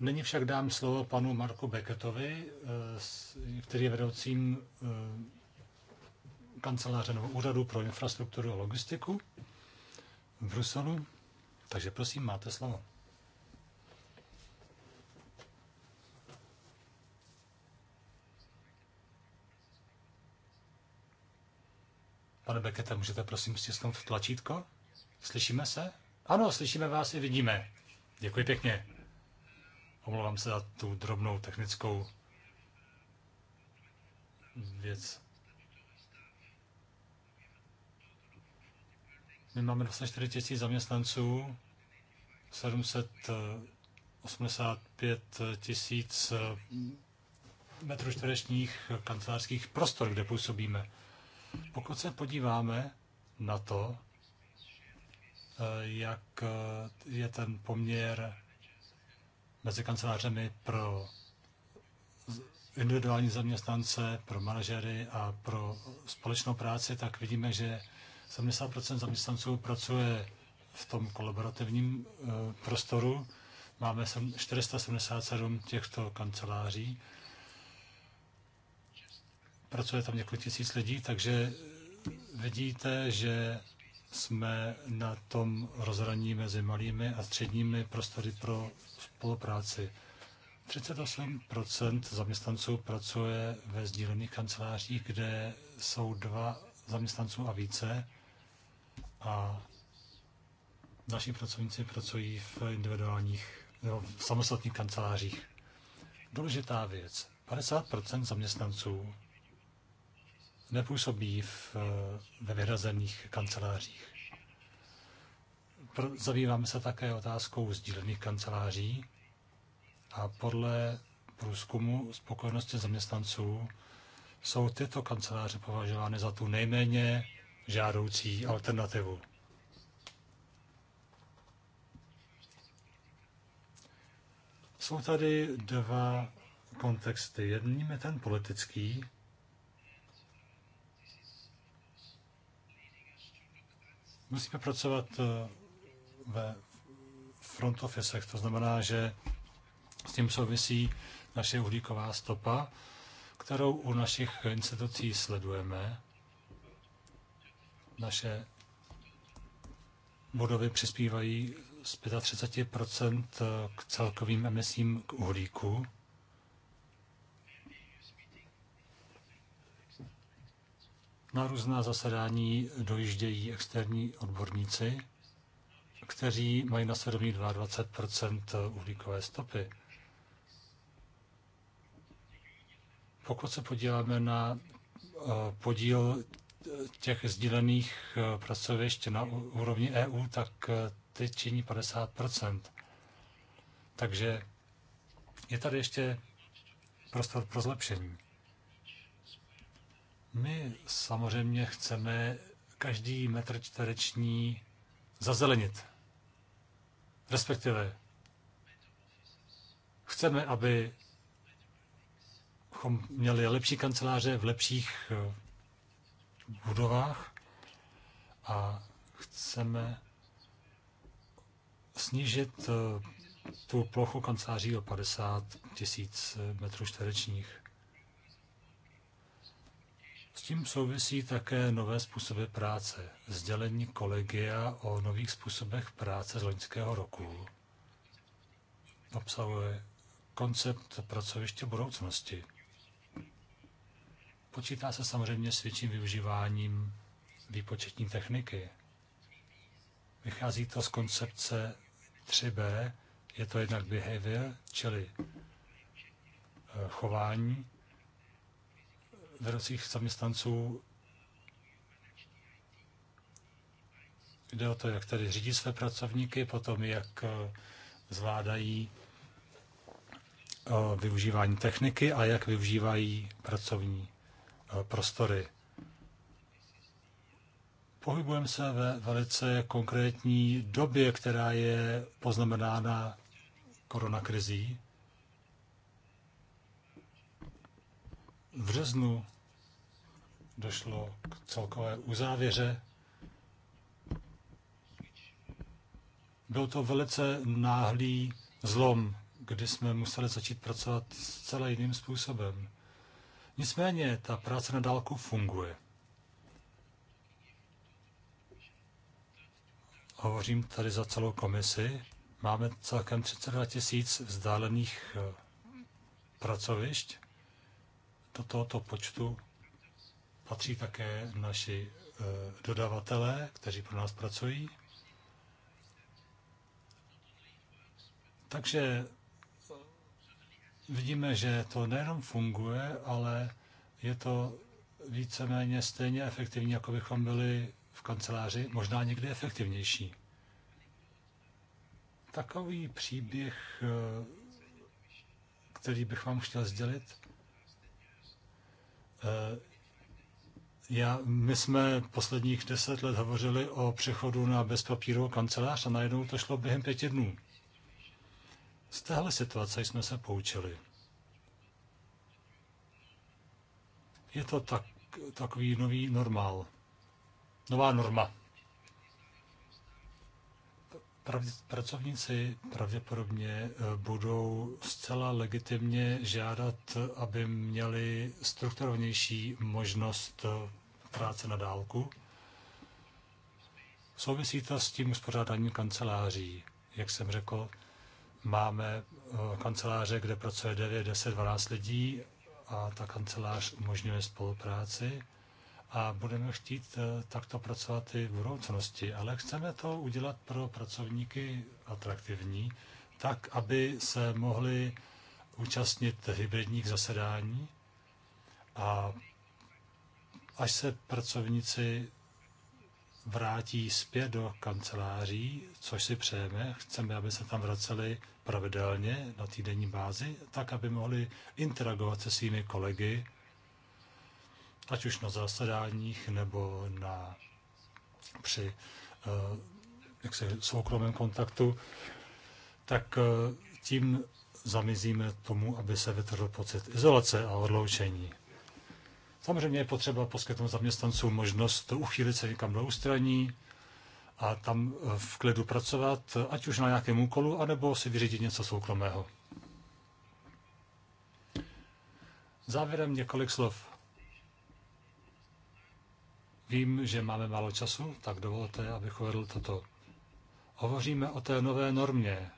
Nyní však dám slovo panu Marku Beketovi, eh, který je vedoucím eh, kanceláře nebo úřadu pro infrastrukturu a logistiku v Bruselu. Takže prosím, máte slovo. Pane Bekete, můžete prosím stisknout tlačítko? Slyšíme se? Ano, slyšíme vás i vidíme. Děkuji pěkně. Omlouvám se za tu drobnou technickou věc. My máme 24 tisíc zaměstnanců, 785 tisíc eh, metrů čtverečních kancelářských prostor, kde působíme. Pokud se podíváme na to, eh, jak eh, je ten poměr mezi kancelářemi pro individuální zaměstnance, pro manažery a pro společnou práci, tak vidíme, že 70% zaměstnanců pracuje v tom kolaborativním eh, prostoru. Máme 477 těchto kanceláří. Pracuje tam několik tisíc lidí, takže vidíte, že jsme na tom rozhraní mezi malými a středními prostory pro spolupráci. 38 zaměstnanců pracuje ve sdílených kancelářích, kde jsou dva zaměstnanců a více a další pracovníci pracují v individuálních, nebo v samostatných kancelářích. Důležitá věc. 50% zaměstnanců nepůsobí v, ve vyhrazených kancelářích. Zavíváme zabýváme se také otázkou sdílených kanceláří a podle průzkumu spokojenosti zaměstnanců jsou tyto kanceláře považovány za tu nejméně žádoucí alternativu. Jsou tady dva kontexty. Jedním je ten politický, Musíme pracovat eh, ve front officech, to znamená, že s tím souvisí naše uhlíková stopa, kterou u našich institucí sledujeme. Naše budovy přispívají z 35 k celkovým emisím k uhlíku. Na různá zasedání dojíždějí externí odborníci, kteří mají na svědomí 22 uhlíkové stopy. Pokud se podíváme na eh, podíl těch sdílených eh, pracovišť na úrovni EU, tak eh, ty činí 50 Takže je tady ještě prostor pro zlepšení. My samozřejmě chceme každý metr čtvereční zazelenit. Respektive chceme, aby měli lepší kanceláře v lepších eh, budovách a chceme snížit eh, tu plochu kanceláří o 50 tisíc metrů čtverečních. S tím souvisí také nové způsoby práce, sdělení kolegia o nových způsobech práce z loňského roku. Obsahuje koncept pracoviště budoucnosti. Počítá se samozřejmě s větším využíváním výpočetní techniky. Vychází to z koncepce 3B, je to jednak behavior, čili eh, chování vedoucích zaměstnanců. Jde o to, jak tady řídí své pracovníky, potom jak eh, zvládají eh, využívání techniky a jak využívají pracovní Eh, prostory. Pohybujeme se ve velice konkrétní době, která je poznamenána koronakrizí. V březnu došlo k celkové uzávěře. Byl to velice náhlý zlom, kdy jsme museli začít pracovat zcela jiným způsobem. Nicméně ta práce na dálku funguje. Hovořím tady za celou komisi. Máme celkem 32 tisíc vzdálených eh, pracovišť. Do tohoto počtu patří také naši eh, dodavatelé, kteří pro nás pracují. Takže vidíme, že to nejenom funguje, ale je to víceméně stejně efektivní, jako bychom byli v kanceláři, možná někdy efektivnější. Takový příběh, eh, který bych vám chtěl sdělit, eh, já, my jsme posledních deset let hovořili o přechodu na bezpapírovou kancelář a najednou to šlo během pěti dnů. Z téhle situace jsme se poučili. Je to tak, takový nový normál. Nová norma. Pravdě, pracovníci pravděpodobně eh, budou zcela legitimně žádat, aby měli strukturovnější možnost eh, práce na dálku. Souvisí to s tím uspořádáním kanceláří. Jak jsem řekl, Máme eh, kanceláře, kde pracuje 9, 10, 12 lidí a ta kancelář umožňuje spolupráci a budeme chtít eh, takto pracovat i v budoucnosti, ale chceme to udělat pro pracovníky atraktivní, tak, aby se mohli účastnit hybridních zasedání a až se pracovníci vrátí zpět do kanceláří, což si přejeme. Chceme, aby se tam vraceli pravidelně na týdenní bázi, tak, aby mohli interagovat se svými kolegy, ať už na zasedáních nebo na, při eh, jak se, soukromém kontaktu, tak eh, tím zamizíme tomu, aby se vytrhl pocit izolace a odloučení. Samozřejmě je potřeba poskytnout zaměstnancům možnost uchýlit se někam do ústraní a tam eh, v klidu pracovat, ať už na nějakém úkolu, anebo si vyřídit něco soukromého. Závěrem několik slov. Vím, že máme málo času, tak dovolte, abych uvedl toto. Hovoříme o té nové normě.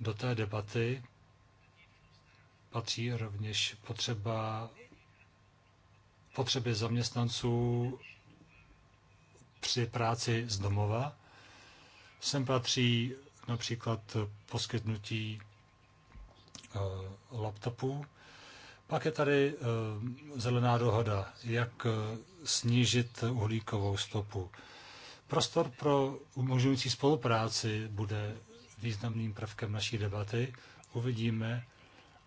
Do té debaty patří rovněž potřeba potřeby zaměstnanců při práci z domova. Sem patří například poskytnutí eh, laptopů. Pak je tady eh, zelená dohoda, jak eh, snížit uhlíkovou stopu. Prostor pro umožňující spolupráci bude významným prvkem naší debaty. Uvidíme,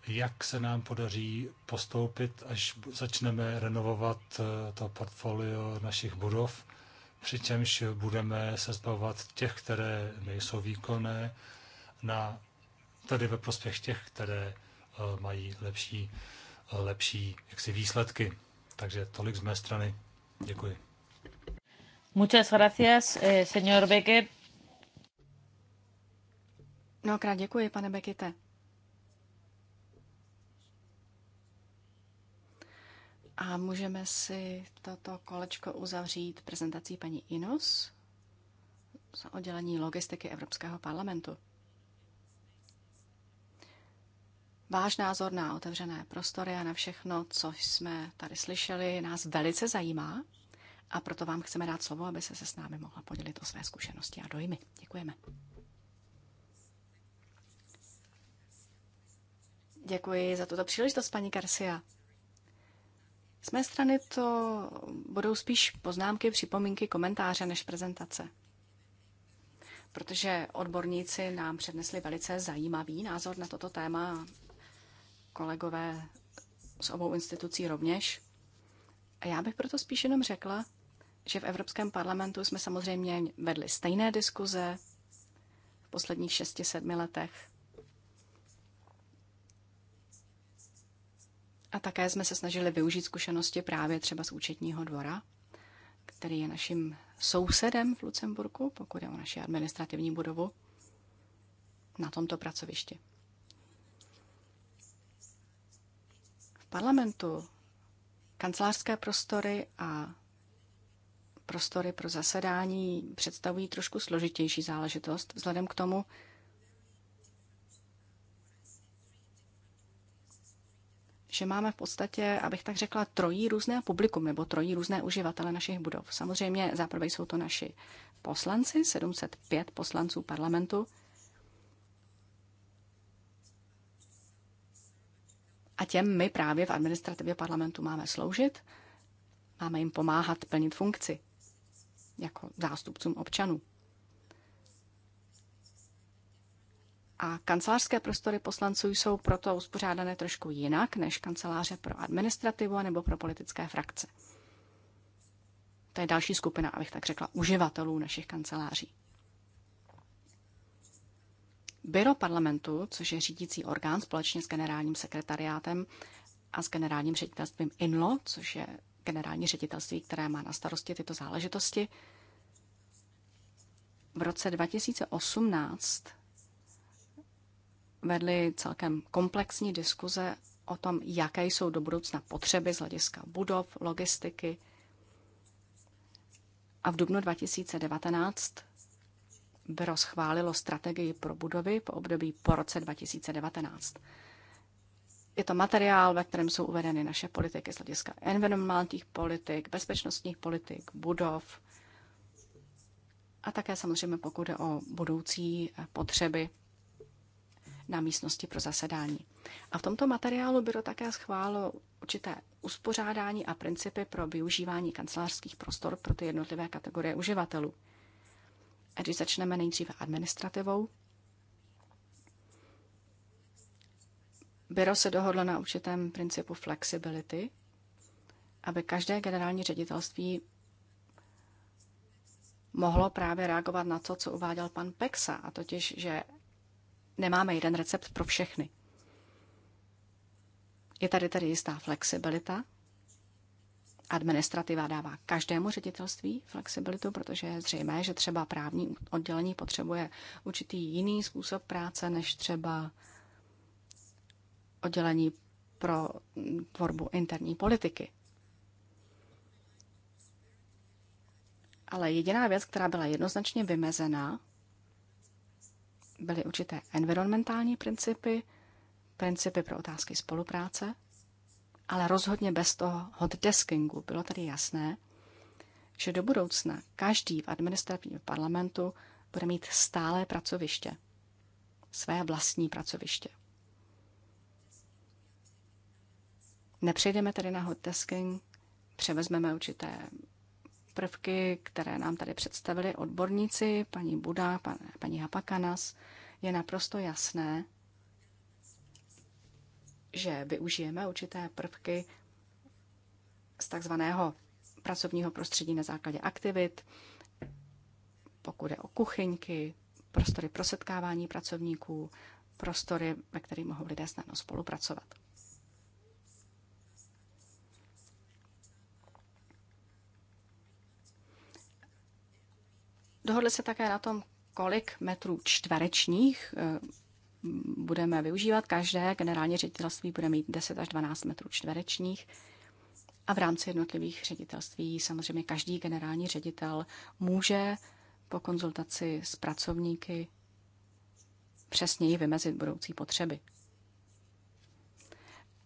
jak se nám podaří postoupit, až začneme renovovat eh, to portfolio našich budov, přičemž budeme se zbavovat těch, které nejsou výkonné, na, tedy ve prospěch těch, které eh, mají lepší, eh, lepší jaksi výsledky. Takže tolik z mé strany. Děkuji. Muchas gracias, señor Becker. krát děkuji, pane Bekite. A můžeme si toto kolečko uzavřít prezentací paní Inos z oddělení logistiky Evropského parlamentu. Váš názor na otevřené prostory a na všechno, co jsme tady slyšeli, nás velice zajímá a proto vám chceme dát slovo, aby se se s námi mohla podělit o své zkušenosti a dojmy. Děkujeme. Děkuji za tuto příležitost, paní Garcia. Z mé strany to budou spíš poznámky, připomínky, komentáře než prezentace. Protože odborníci nám přednesli velice zajímavý názor na toto téma, kolegové z obou institucí rovněž. A já bych proto spíš jenom řekla, že v Evropském parlamentu jsme samozřejmě vedli stejné diskuze v posledních šesti, sedmi letech A také jsme se snažili využít zkušenosti právě třeba z účetního dvora, který je naším sousedem v Lucemburku, pokud je o naši administrativní budovu, na tomto pracovišti. V parlamentu kancelářské prostory a prostory pro zasedání představují trošku složitější záležitost, vzhledem k tomu, že máme v podstatě, abych tak řekla, trojí různé publikum nebo trojí různé uživatele našich budov. Samozřejmě zaprvé jsou to naši poslanci, 705 poslanců parlamentu, A těm my právě v administrativě parlamentu máme sloužit, máme jim pomáhat plnit funkci jako zástupcům občanů. A kancelářské prostory poslanců jsou proto uspořádané trošku jinak než kanceláře pro administrativu nebo pro politické frakce. To je další skupina, abych tak řekla, uživatelů našich kanceláří. Byro parlamentu, což je řídící orgán společně s generálním sekretariátem a s generálním ředitelstvím INLO, což je generální ředitelství, které má na starosti tyto záležitosti, v roce 2018 vedli celkem komplexní diskuze o tom, jaké jsou do budoucna potřeby z hlediska budov, logistiky. A v dubnu 2019 bylo schválilo strategii pro budovy po období po roce 2019. Je to materiál, ve kterém jsou uvedeny naše politiky z hlediska environmentálních politik, bezpečnostních politik, budov a také samozřejmě pokud jde o budoucí potřeby na místnosti pro zasedání. A v tomto materiálu bylo také schválilo určité uspořádání a principy pro využívání kancelářských prostor pro ty jednotlivé kategorie uživatelů. A když začneme nejdříve administrativou, Byro se dohodlo na určitém principu flexibility, aby každé generální ředitelství mohlo právě reagovat na to, co uváděl pan Pexa, a totiž, že nemáme jeden recept pro všechny. Je tady tady jistá flexibilita. Administrativa dává každému ředitelství flexibilitu, protože je zřejmé, že třeba právní oddělení potřebuje určitý jiný způsob práce než třeba oddělení pro tvorbu interní politiky. Ale jediná věc, která byla jednoznačně vymezená, byly určité environmentální principy, principy pro otázky spolupráce, ale rozhodně bez toho hot deskingu. Bylo tady jasné, že do budoucna každý v administrativním parlamentu bude mít stálé pracoviště, své vlastní pracoviště. Nepřejdeme tedy na hot desking, převezmeme určité prvky, které nám tady představili odborníci, paní Buda, pan, paní Hapakanas, je naprosto jasné, že využijeme určité prvky z takzvaného pracovního prostředí na základě aktivit, pokud je o kuchyňky, prostory pro setkávání pracovníků, prostory, ve kterých mohou lidé snadno spolupracovat. Dohodli se také na tom, kolik metrů čtverečních eh, budeme využívat. Každé generální ředitelství bude mít 10 až 12 metrů čtverečních. A v rámci jednotlivých ředitelství samozřejmě každý generální ředitel může po konzultaci s pracovníky přesněji vymezit budoucí potřeby.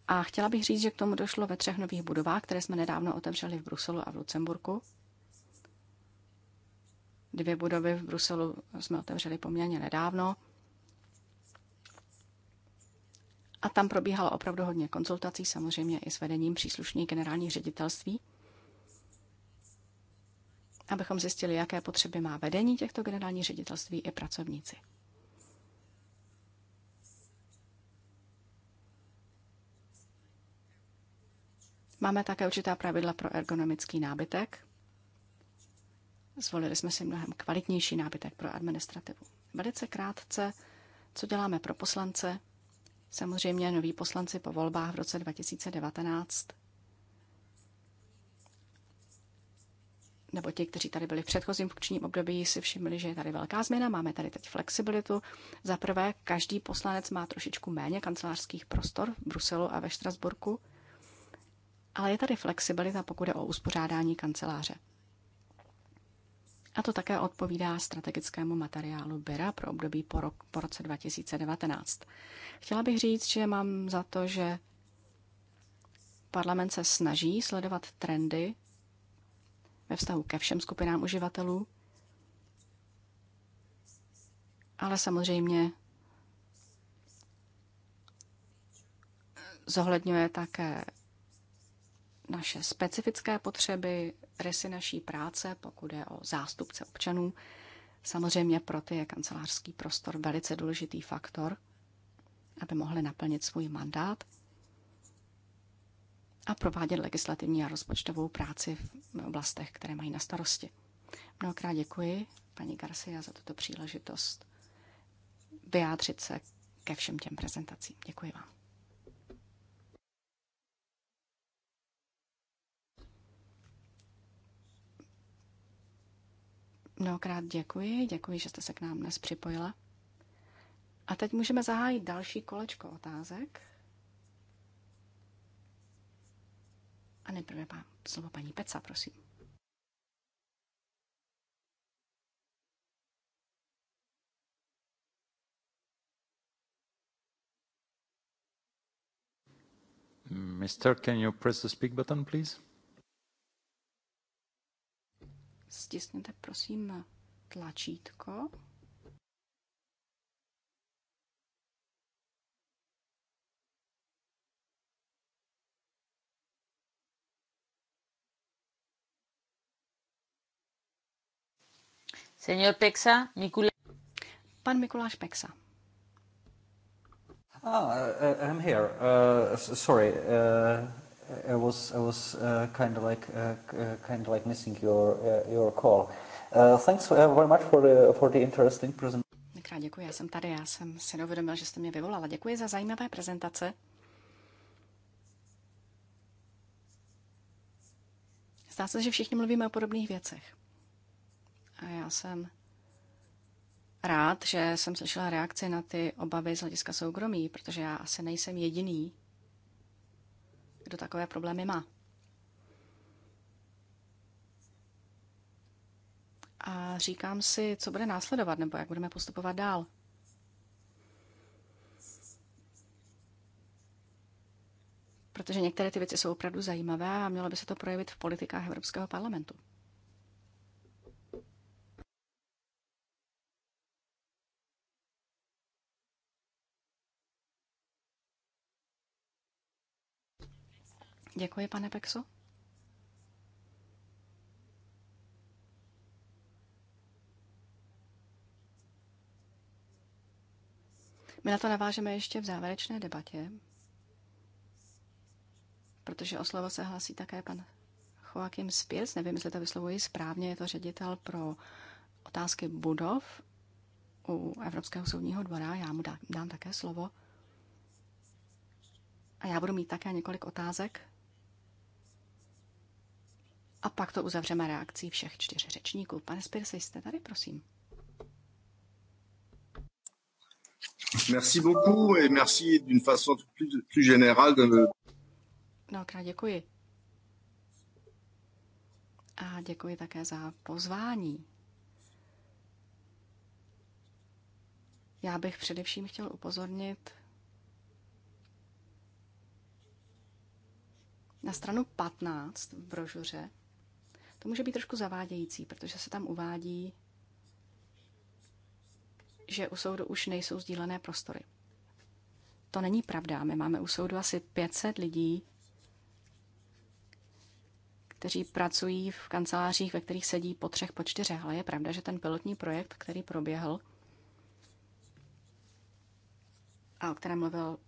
A chtěla bych říct, že k tomu došlo ve třech nových budovách, které jsme nedávno otevřeli v Bruselu a v Lucemburku. Dvě budovy v Bruselu jsme otevřeli poměrně nedávno. A tam probíhalo opravdu hodně konzultací, samozřejmě i s vedením příslušní generální ředitelství, abychom zjistili, jaké potřeby má vedení těchto generálních ředitelství i pracovníci. Máme také určitá pravidla pro ergonomický nábytek. Zvolili jsme si mnohem kvalitnější nábytek pro administrativu. Velice krátce, co děláme pro poslance. Samozřejmě noví poslanci po volbách v roce 2019 nebo ti, kteří tady byli v předchozím funkčním období, si všimli, že je tady velká změna. Máme tady teď flexibilitu. Za prvé, každý poslanec má trošičku méně kancelářských prostor v Bruselu a ve Štrasburku, ale je tady flexibilita, pokud je o uspořádání kanceláře. A to také odpovídá strategickému materiálu Bira pro období po, rok, po roce 2019. Chtěla bych říct, že mám za to, že parlament se snaží sledovat trendy ve vztahu ke všem skupinám uživatelů, ale samozřejmě zohledňuje také naše specifické potřeby, rysy naší práce, pokud je o zástupce občanů. Samozřejmě pro ty je kancelářský prostor velice důležitý faktor, aby mohli naplnit svůj mandát a provádět legislativní a rozpočtovou práci v oblastech, které mají na starosti. Mnohokrát děkuji paní Garcia za tuto příležitost vyjádřit se ke všem těm prezentacím. Děkuji vám. Mnohokrát děkuji, děkuji, že jste se k nám dnes připojila. A teď můžeme zahájit další kolečko otázek. A nejprve pán, slovo paní Peca, prosím. Mister, can you press the speak button, please? stisněte prosím tlačítko. Senior Pexa, Mikula... Pan Mikuláš Pexa. Ah, uh, uh I'm here. Uh, sorry. Uh... I was I was uh, kind of like uh, uh, kind of like missing your uh, your call. Uh, thanks uh, very much for the for the interesting presentation. Krát děkuji, já jsem tady, já jsem si neuvědomil, že jste mě vyvolala. Děkuji za zajímavé prezentace. Zdá se, že všichni mluvíme o podobných věcech. A já jsem rád, že jsem slyšela reakci na ty obavy z hlediska soukromí, protože já asi nejsem jediný, kdo takové problémy má. A říkám si, co bude následovat, nebo jak budeme postupovat dál. Protože některé ty věci jsou opravdu zajímavé a mělo by se to projevit v politikách Evropského parlamentu. Děkuji, pane Pexu. My na to navážeme ještě v závěrečné debatě, protože o slovo se hlásí také pan Joachim Spirs, nevím, jestli to vyslovuji správně, je to ředitel pro otázky budov u Evropského soudního dvora, já mu dám také slovo. A já budu mít také několik otázek. A pak to uzavřeme reakcí všech čtyř řečníků. Pane Spirsi, jste tady, prosím. Merci beaucoup et merci d'une façon plus, plus générale de me... děkuji. A děkuji také za pozvání. Já bych především chtěl upozornit na stranu 15 v brožuře to může být trošku zavádějící, protože se tam uvádí, že u soudu už nejsou sdílené prostory. To není pravda. My máme u soudu asi 500 lidí, kteří pracují v kancelářích, ve kterých sedí po třech, po čtyřech. Ale je pravda, že ten pilotní projekt, který proběhl a o kterém mluvil,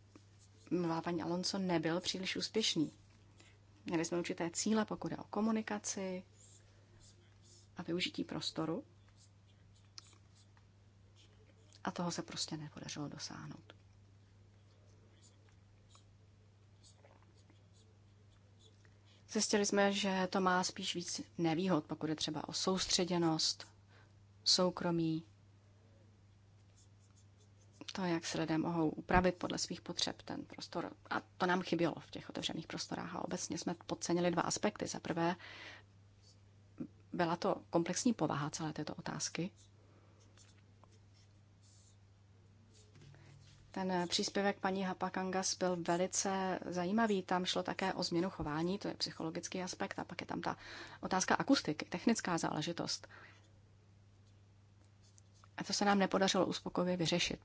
mluvila paní Alonso, nebyl příliš úspěšný. Měli jsme určité cíle, pokud je o komunikaci, a využití prostoru. A toho se prostě nepodařilo dosáhnout. Zjistili jsme, že to má spíš víc nevýhod, pokud je třeba o soustředěnost, soukromí, to, jak se lidé mohou upravit podle svých potřeb ten prostor. A to nám chybělo v těch otevřených prostorách. A obecně jsme podcenili dva aspekty. Za prvé, byla to komplexní povaha celé této otázky. Ten příspěvek paní Hapakangas byl velice zajímavý. Tam šlo také o změnu chování, to je psychologický aspekt, a pak je tam ta otázka akustiky, technická záležitost. A to se nám nepodařilo uspokojivě vyřešit.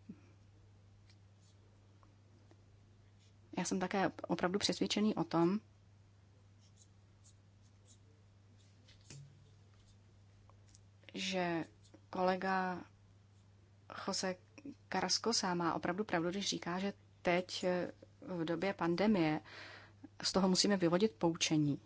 Já jsem také opravdu přesvědčený o tom, že kolega Jose Carrasco sám má opravdu pravdu, když říká, že teď eh, v době pandemie z toho musíme vyvodit poučení.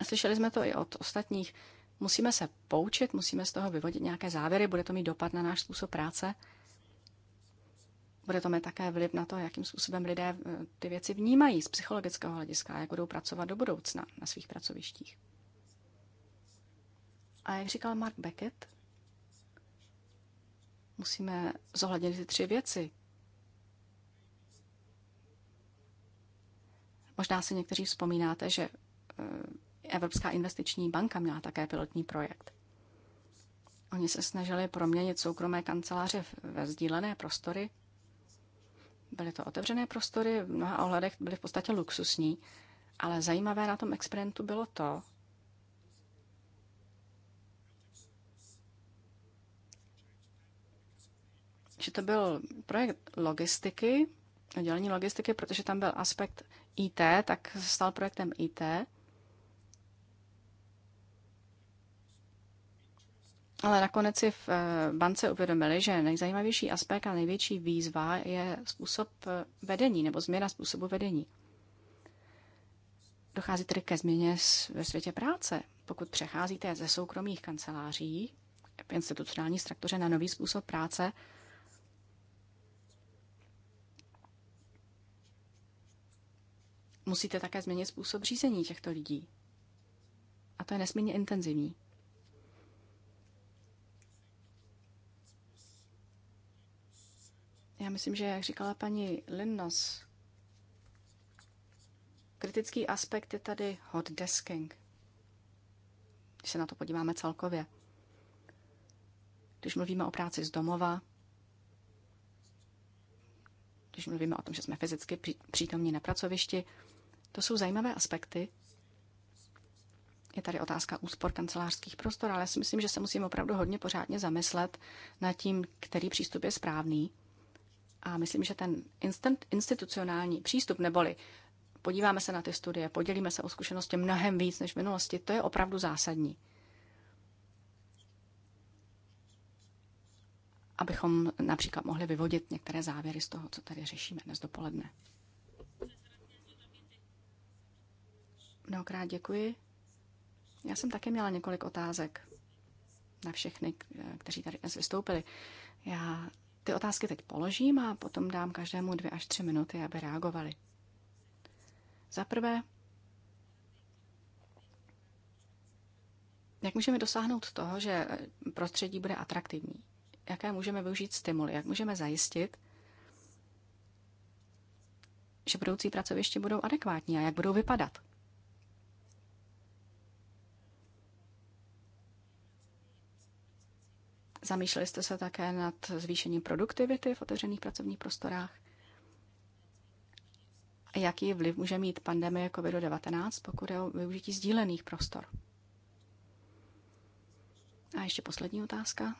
A slyšeli jsme to i od ostatních. Musíme se poučit, musíme z toho vyvodit nějaké závěry, bude to mít dopad na náš způsob práce – bude to mít také vliv na to, jakým způsobem lidé eh, ty věci vnímají z psychologického hlediska, jak budou pracovat do budoucna na svých pracovištích. A jak říkal Mark Beckett, musíme zohlednit ty tři věci. Možná si někteří vzpomínáte, že eh, Evropská investiční banka měla také pilotní projekt. Oni se snažili proměnit soukromé kanceláře ve sdílené prostory Byly to otevřené prostory, v mnoha ohledech byly v podstatě luxusní, ale zajímavé na tom experimentu bylo to, že to byl projekt logistiky, oddělení logistiky, protože tam byl aspekt IT, tak se stal projektem IT. Ale nakonec si v eh, bance uvědomili, že nejzajímavější aspekt a největší výzva je způsob eh, vedení nebo změna způsobu vedení. Dochází tedy ke změně ve světě práce. Pokud přecházíte ze soukromých kanceláří v institucionální struktuře na nový způsob práce, musíte také změnit způsob řízení těchto lidí. A to je nesmírně intenzivní. Já myslím, že, jak říkala paní Linnos, kritický aspekt je tady hot desking, když se na to podíváme celkově. Když mluvíme o práci z domova, když mluvíme o tom, že jsme fyzicky přítomní na pracovišti, to jsou zajímavé aspekty. Je tady otázka úspor kancelářských prostor, ale já si myslím, že se musím opravdu hodně pořádně zamyslet nad tím, který přístup je správný a myslím, že ten instant, institucionální přístup, neboli podíváme se na ty studie, podělíme se o zkušenosti mnohem víc než v minulosti, to je opravdu zásadní. Abychom například mohli vyvodit některé závěry z toho, co tady řešíme dnes dopoledne. Mnohokrát děkuji. Já jsem také měla několik otázek na všechny, kteří tady dnes vystoupili. Já ty otázky teď položím a potom dám každému dvě až tři minuty, aby reagovali. Za prvé, jak můžeme dosáhnout toho, že prostředí bude atraktivní? Jaké můžeme využít stimuly? Jak můžeme zajistit, že budoucí pracoviště budou adekvátní a jak budou vypadat? Zamýšleli jste se také nad zvýšením produktivity v otevřených pracovních prostorách? Jaký vliv může mít pandemie COVID-19, pokud je o využití sdílených prostor? A ještě poslední otázka.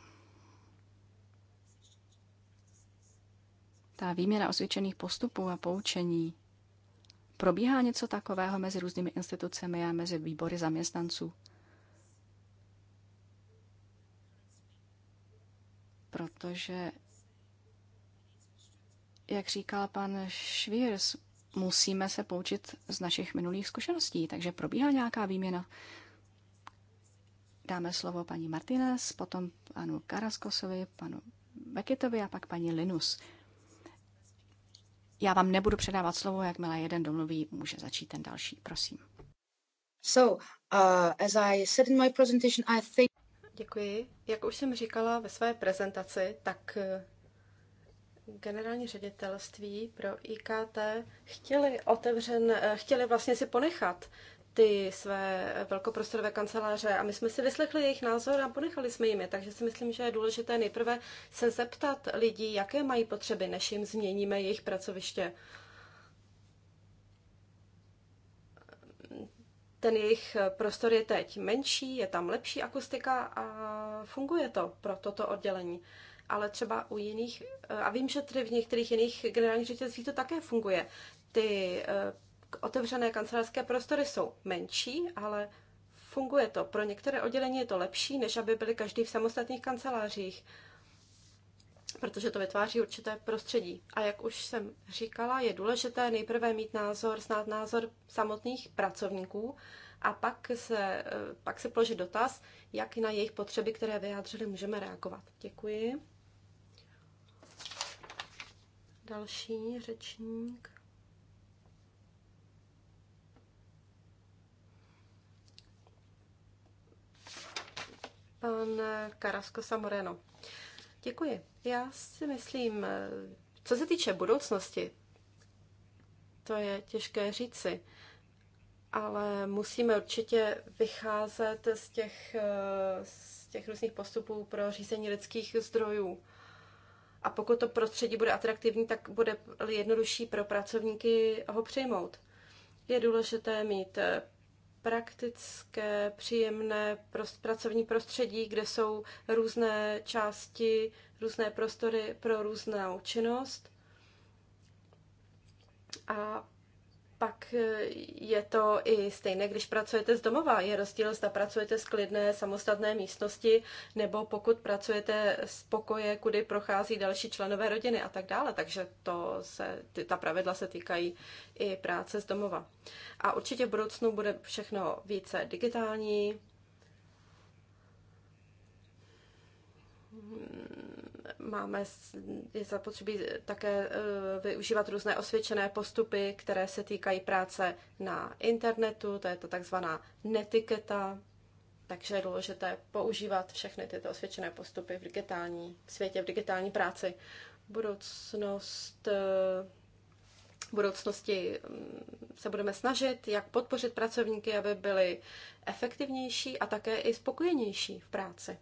Ta výměna osvědčených postupů a poučení. Probíhá něco takového mezi různými institucemi a mezi výbory zaměstnanců? protože, jak říkal pan Švírs, musíme se poučit z našich minulých zkušeností. Takže probíhá nějaká výměna. Dáme slovo paní Martinez, potom panu Karaskosovi, panu Beketovi a pak paní Linus. Já vám nebudu předávat slovo, jakmile jeden domluví, může začít ten další, prosím. So, uh, as I said in my presentation, I think Děkuji. Jak už jsem říkala ve své prezentaci, tak eh, generální ředitelství pro IKT chtěli otevřen, eh, chtěli vlastně si ponechat ty své velkoprostorové kanceláře a my jsme si vyslechli jejich názor a ponechali jsme jim je, takže si myslím, že je důležité nejprve se zeptat lidí, jaké mají potřeby, než jim změníme jejich pracoviště. ten jejich eh, prostor je teď menší, je tam lepší akustika a funguje to pro toto oddělení. Ale třeba u jiných, eh, a vím, že tedy v některých jiných generálních ředitelství to také funguje, ty eh, otevřené kancelářské prostory jsou menší, ale funguje to. Pro některé oddělení je to lepší, než aby byly každý v samostatných kancelářích protože to vytváří určité prostředí. A jak už jsem říkala, je důležité nejprve mít názor, snad názor samotných pracovníků a pak se, eh, pak se položit dotaz, jak na jejich potřeby, které vyjádřili, můžeme reagovat. Děkuji. Další řečník. Pan Karasko Samoreno. Děkuji. Já si myslím, eh, co se týče budoucnosti, to je těžké říci, ale musíme určitě vycházet z těch, eh, z těch různých postupů pro řízení lidských zdrojů. A pokud to prostředí bude atraktivní, tak bude jednodušší pro pracovníky ho přijmout. Je důležité mít eh, praktické, příjemné pracovní prostředí, kde jsou různé části různé prostory pro různou činnost. A pak je to i stejné, když pracujete z domova. Je rozdíl, zda pracujete z klidné samostatné místnosti, nebo pokud pracujete z pokoje, kudy prochází další členové rodiny a tak dále. Takže to se, ty, ta pravidla se týkají i práce z domova. A určitě v budoucnu bude všechno více digitální máme, je zapotřebí také eh, využívat různé osvědčené postupy, které se týkají práce na internetu, to je to takzvaná netiketa, takže je důležité používat všechny tyto osvědčené postupy v digitální v světě, v digitální práci. Budoucnost eh, v budoucnosti mm, se budeme snažit, jak podpořit pracovníky, aby byli efektivnější a také i spokojenější v práci.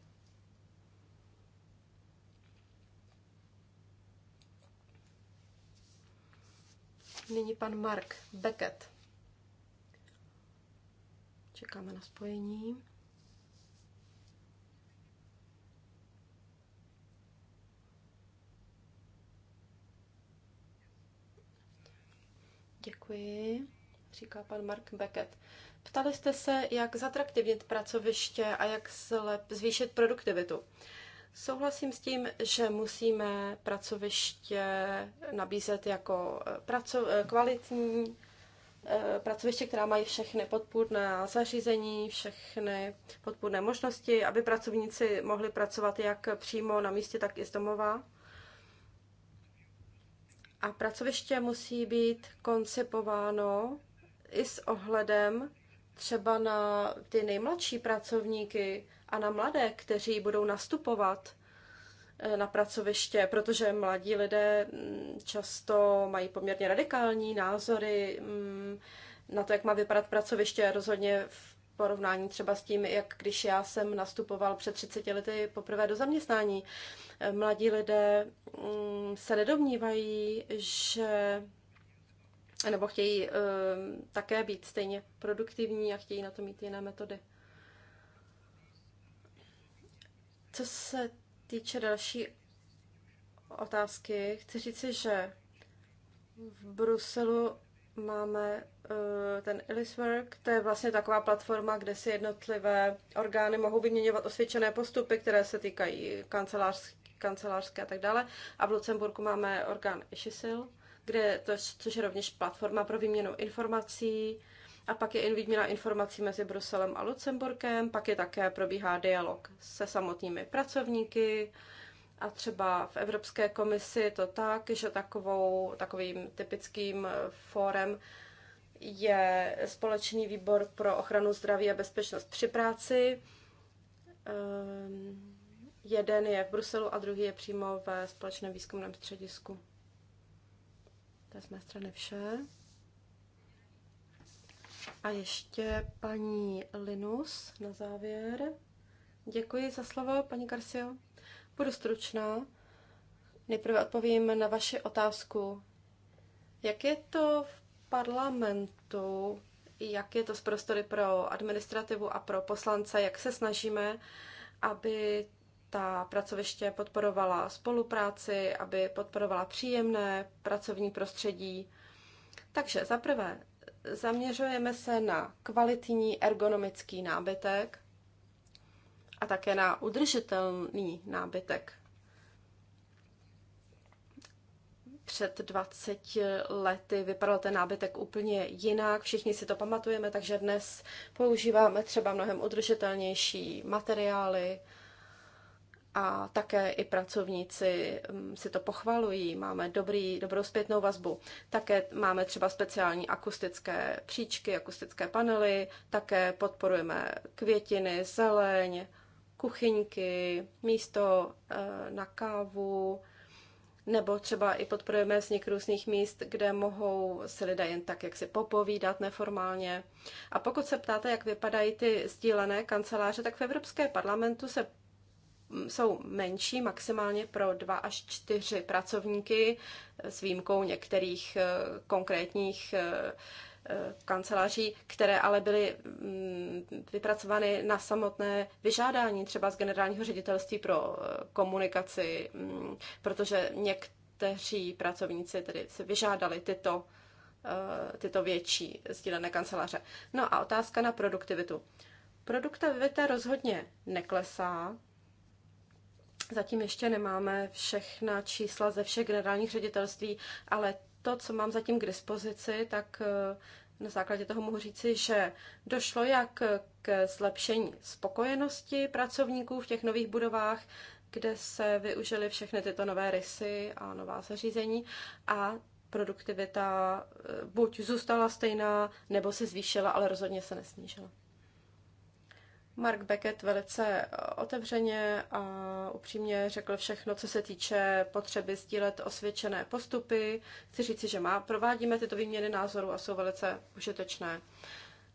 Nyní pan Mark Beckett. Čekáme na spojení. Děkuji, říká pan Mark Beckett. Ptali jste se, jak zatraktivnit pracoviště a jak zvýšit produktivitu. Uh, Souhlasím s tím, že musíme pracoviště nabízet jako eh, praco- eh, kvalitní eh, pracoviště, která mají všechny podpůrné zařízení, všechny podpůrné možnosti, aby pracovníci mohli pracovat jak přímo na místě, tak i z domova. A pracoviště musí být koncipováno i s ohledem třeba na ty nejmladší pracovníky, a na mladé, kteří budou nastupovat eh, na pracoviště, protože mladí lidé mm, často mají poměrně radikální názory mm, na to, jak má vypadat pracoviště, rozhodně v porovnání třeba s tím, jak když já jsem nastupoval před 30 lety poprvé do zaměstnání. Eh, mladí lidé mm, se nedomnívají, že nebo chtějí eh, také být stejně produktivní a chtějí na to mít jiné metody. Co se týče další otázky, chci říci, že v Bruselu máme eh, ten Illiswork, to je vlastně taková platforma, kde si jednotlivé orgány mohou vyměňovat osvědčené postupy, které se týkají kancelářské, kancelářské a tak dále. A v Lucemburku máme orgán Ishisil, kde to, což je rovněž platforma pro výměnu informací, a pak je výměna informací mezi Bruselem a Lucemburkem, pak je také probíhá dialog se samotnými pracovníky, a třeba v Evropské komisi to tak, že takovou, takovým typickým eh, fórem je společný výbor pro ochranu zdraví a bezpečnost při práci. Um, jeden je v Bruselu a druhý je přímo ve společném výzkumném středisku. To je z mé strany vše. A ještě paní Linus na závěr. Děkuji za slovo, paní Garcio. Budu stručná. Nejprve odpovím na vaši otázku. Jak je to v parlamentu, jak je to s prostory pro administrativu a pro poslance, jak se snažíme, aby ta pracoviště podporovala spolupráci, aby podporovala příjemné pracovní prostředí. Takže za prvé, Zaměřujeme se na kvalitní ergonomický nábytek a také na udržitelný nábytek. Před 20 lety vypadal ten nábytek úplně jinak, všichni si to pamatujeme, takže dnes používáme třeba mnohem udržitelnější materiály, a také i pracovníci mm, si to pochvalují, máme dobrý, dobrou zpětnou vazbu. Také máme třeba speciální akustické příčky, akustické panely, také podporujeme květiny, zeleň, kuchyňky, místo eh, na kávu, nebo třeba i podporujeme vznik různých míst, kde mohou si lidé jen tak jak si popovídat neformálně. A pokud se ptáte, jak vypadají ty sdílené kanceláře, tak v Evropské parlamentu se jsou menší, maximálně pro dva až čtyři pracovníky, eh, s výjimkou některých eh, konkrétních eh, kanceláří, které ale byly mm, vypracovány na samotné vyžádání třeba z generálního ředitelství pro komunikaci, mm, protože někteří pracovníci tedy si vyžádali tyto, tyto větší sdílené kanceláře. No a otázka na produktivitu. Produktivita rozhodně neklesá, Zatím ještě nemáme všechna čísla ze všech generálních ředitelství, ale to, co mám zatím k dispozici, tak eh, na základě toho mohu říci, že došlo jak k zlepšení spokojenosti pracovníků v těch nových budovách, kde se využily všechny tyto nové rysy a nová zařízení a produktivita eh, buď zůstala stejná, nebo se zvýšila, ale rozhodně se nesnížila. Mark Beckett velice eh, otevřeně a upřímně řekl všechno, co se týče potřeby sdílet osvědčené postupy. Chci říci, že má, provádíme tyto výměny názorů a jsou velice užitečné.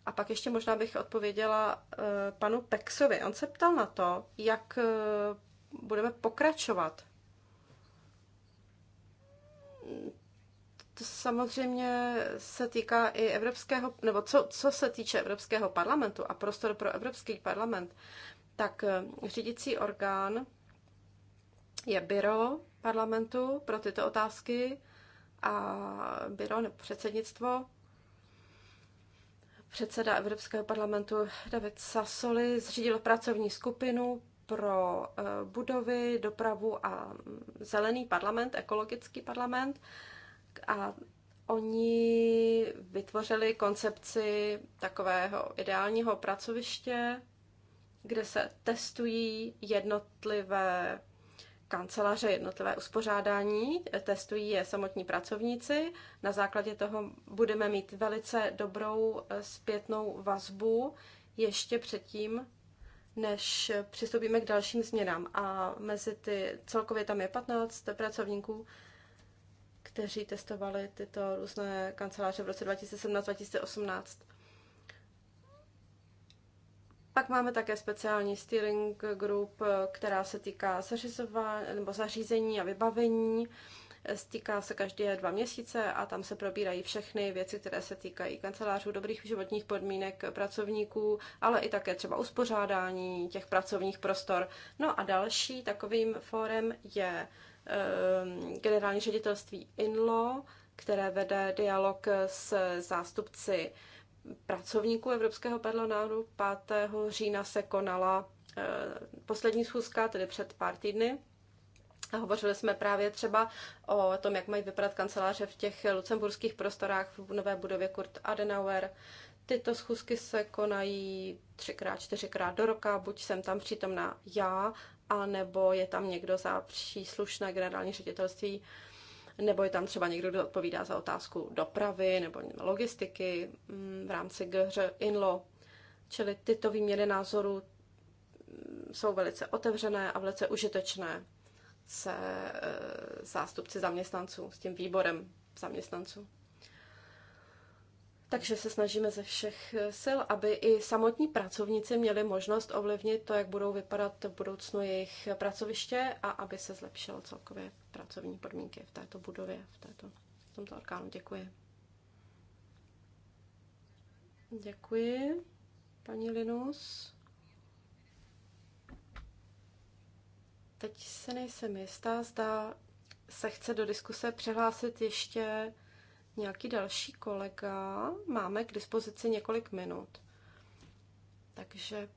A pak ještě možná bych odpověděla eh, panu Pexovi. On se ptal na to, jak eh, budeme pokračovat to samozřejmě se týká i evropského, nebo co, co se týče Evropského parlamentu a prostor pro Evropský parlament, tak eh, řídící orgán je byro parlamentu pro tyto otázky a byro nebo předsednictvo. Předseda Evropského parlamentu David Sassoli zřídil pracovní skupinu pro eh, budovy, dopravu a mm, zelený parlament, ekologický parlament. A oni vytvořili koncepci takového ideálního pracoviště, kde se testují jednotlivé kanceláře, jednotlivé uspořádání, testují je samotní pracovníci. Na základě toho budeme mít velice dobrou eh, zpětnou vazbu ještě předtím, než přistoupíme k dalším změnám. A mezi ty, celkově tam je 15 pracovníků, kteří testovali tyto různé kanceláře v roce 2017-2018. Pak máme také speciální steering group, která se týká nebo zařízení a vybavení. Stýká se každé dva měsíce a tam se probírají všechny věci, které se týkají kancelářů, dobrých životních podmínek pracovníků, ale i také třeba uspořádání těch pracovních prostor. No a další takovým fórem je Eh, generální ředitelství INLO, které vede dialog s zástupci pracovníků Evropského parlamentu. 5. října se konala eh, poslední schůzka, tedy před pár týdny. A hovořili jsme právě třeba o tom, jak mají vypadat kanceláře v těch lucemburských prostorách v nové budově Kurt Adenauer. Tyto schůzky se konají třikrát, čtyřikrát do roka, buď jsem tam přítomná já, anebo nebo je tam někdo za příslušné generální ředitelství, nebo je tam třeba někdo, kdo odpovídá za otázku dopravy nebo logistiky mm, v rámci GHR INLO. Čili tyto výměny názorů mm, jsou velice otevřené a velice užitečné se e, zástupci zaměstnanců, s tím výborem zaměstnanců. Takže se snažíme ze všech eh, sil, aby i samotní pracovníci měli možnost ovlivnit to, jak budou vypadat v budoucnu jejich pracoviště a aby se zlepšilo celkově pracovní podmínky v této budově, v, této, v tomto orgánu. Děkuji. Děkuji, paní Linus. Teď se nejsem jistá, zda se chce do diskuse přihlásit ještě nějaký další kolega. Máme k dispozici několik minut. Takže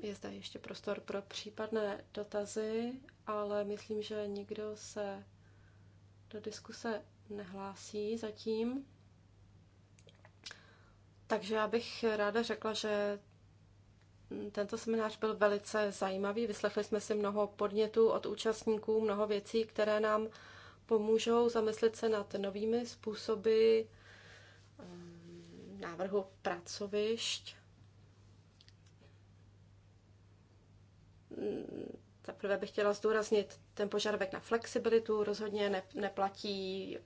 je zde ještě prostor pro případné dotazy, ale myslím, že nikdo se do diskuse nehlásí zatím. Takže já bych ráda řekla, že tento seminář byl velice zajímavý. Vyslechli jsme si mnoho podnětů od účastníků, mnoho věcí, které nám pomůžou zamyslet se nad novými způsoby ehm, návrhu pracovišť. Zaprvé bych chtěla zdůraznit ten požadavek na flexibilitu. Rozhodně ne, neplatí eh,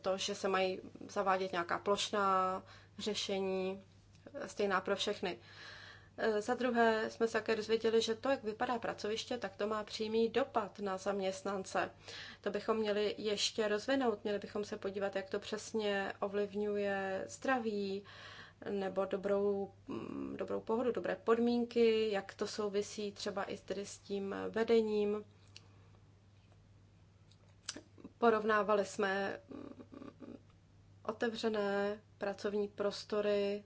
to, že se mají zavádět nějaká plošná řešení, eh, stejná pro všechny. Eh, za druhé jsme se také dozvěděli, že to, jak vypadá pracoviště, tak to má přímý dopad na zaměstnance. To bychom měli ještě rozvinout, měli bychom se podívat, jak to přesně ovlivňuje zdraví nebo dobrou, mm, dobrou pohodu, dobré podmínky, jak to souvisí třeba i tedy s tím vedením. Porovnávali jsme mm, otevřené pracovní prostory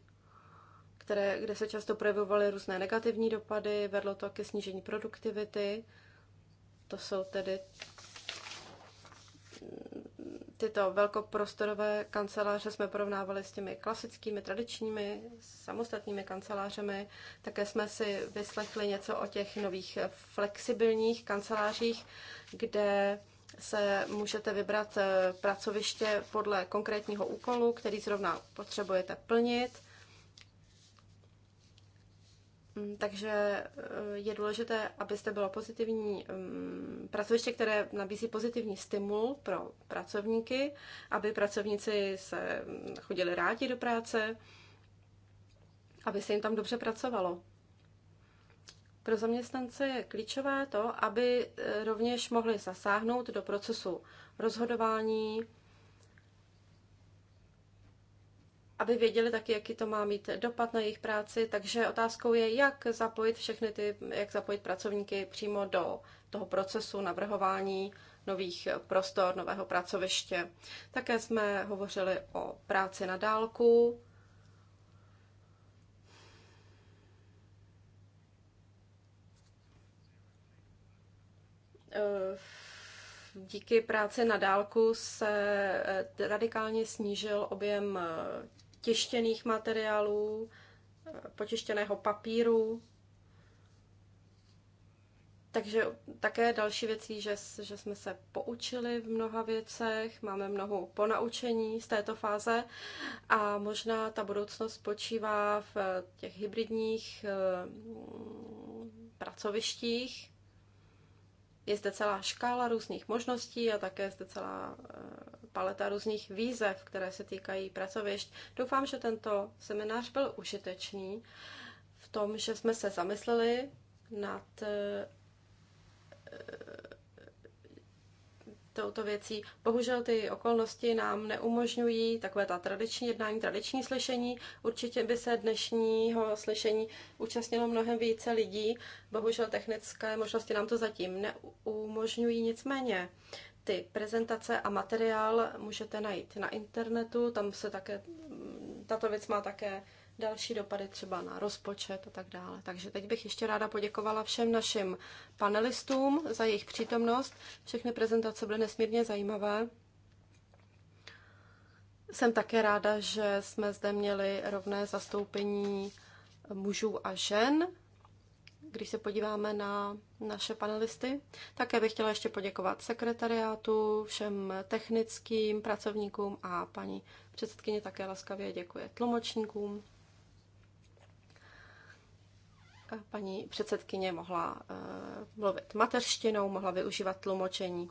které, kde se často projevovaly různé negativní dopady, vedlo to ke snížení produktivity. To jsou tedy mm, tyto velkoprostorové kanceláře jsme porovnávali s těmi klasickými, tradičními, samostatnými kancelářemi. Také jsme si vyslechli něco o těch nových flexibilních kancelářích, kde se můžete vybrat eh, pracoviště podle konkrétního úkolu, který zrovna potřebujete plnit. Mm, takže eh, je důležité, abyste bylo pozitivní mm, pracoviště, které nabízí pozitivní stimul pro pracovníky, aby pracovníci se mm, chodili rádi do práce, aby se jim tam dobře pracovalo. Pro zaměstnance je klíčové to, aby eh, rovněž mohli zasáhnout do procesu rozhodování, aby věděli taky, jaký to má mít dopad na jejich práci. Takže otázkou je, jak zapojit všechny ty, jak zapojit pracovníky přímo do toho procesu navrhování nových prostor, nového pracoviště. Také jsme hovořili o práci na dálku. Díky práci na dálku se radikálně snížil objem tištěných materiálů, eh, potištěného papíru. Takže také další věcí, že, že jsme se poučili v mnoha věcech, máme mnoho ponaučení z této fáze a možná ta budoucnost spočívá v eh, těch hybridních eh, mm, pracovištích. Je zde celá škála různých možností a také je zde celá paleta různých výzev, které se týkají pracovišť. Doufám, že tento seminář byl užitečný v tom, že jsme se zamysleli nad eh, eh, touto věcí. Bohužel ty okolnosti nám neumožňují takové ta tradiční jednání, tradiční slyšení. Určitě by se dnešního slyšení účastnilo mnohem více lidí. Bohužel technické možnosti nám to zatím neumožňují, nicméně ty prezentace a materiál můžete najít na internetu, tam se také, tato věc má také další dopady třeba na rozpočet a tak dále. Takže teď bych ještě ráda poděkovala všem našim panelistům za jejich přítomnost. Všechny prezentace byly nesmírně zajímavé. Jsem také ráda, že jsme zde měli rovné zastoupení mužů a žen když se podíváme na naše panelisty. Také bych chtěla ještě poděkovat sekretariátu, všem technickým pracovníkům a paní předsedkyně také laskavě děkuje tlumočníkům. Paní předsedkyně mohla uh, mluvit mateřštinou, mohla využívat tlumočení.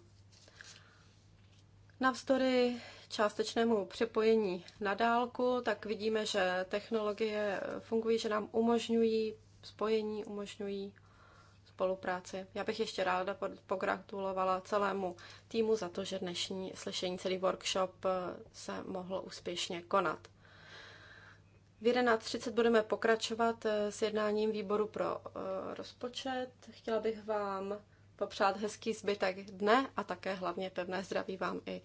Navzdory částečnému připojení na dálku, tak vidíme, že technologie eh, fungují, že nám umožňují spojení umožňují spolupráci. Já bych ještě ráda pogratulovala celému týmu za to, že dnešní slyšení, celý workshop eh, se mohl úspěšně konat. V 11.30 budeme pokračovat eh, s jednáním výboru pro eh, rozpočet. Chtěla bych vám popřát hezký zbytek dne a také hlavně pevné zdraví vám i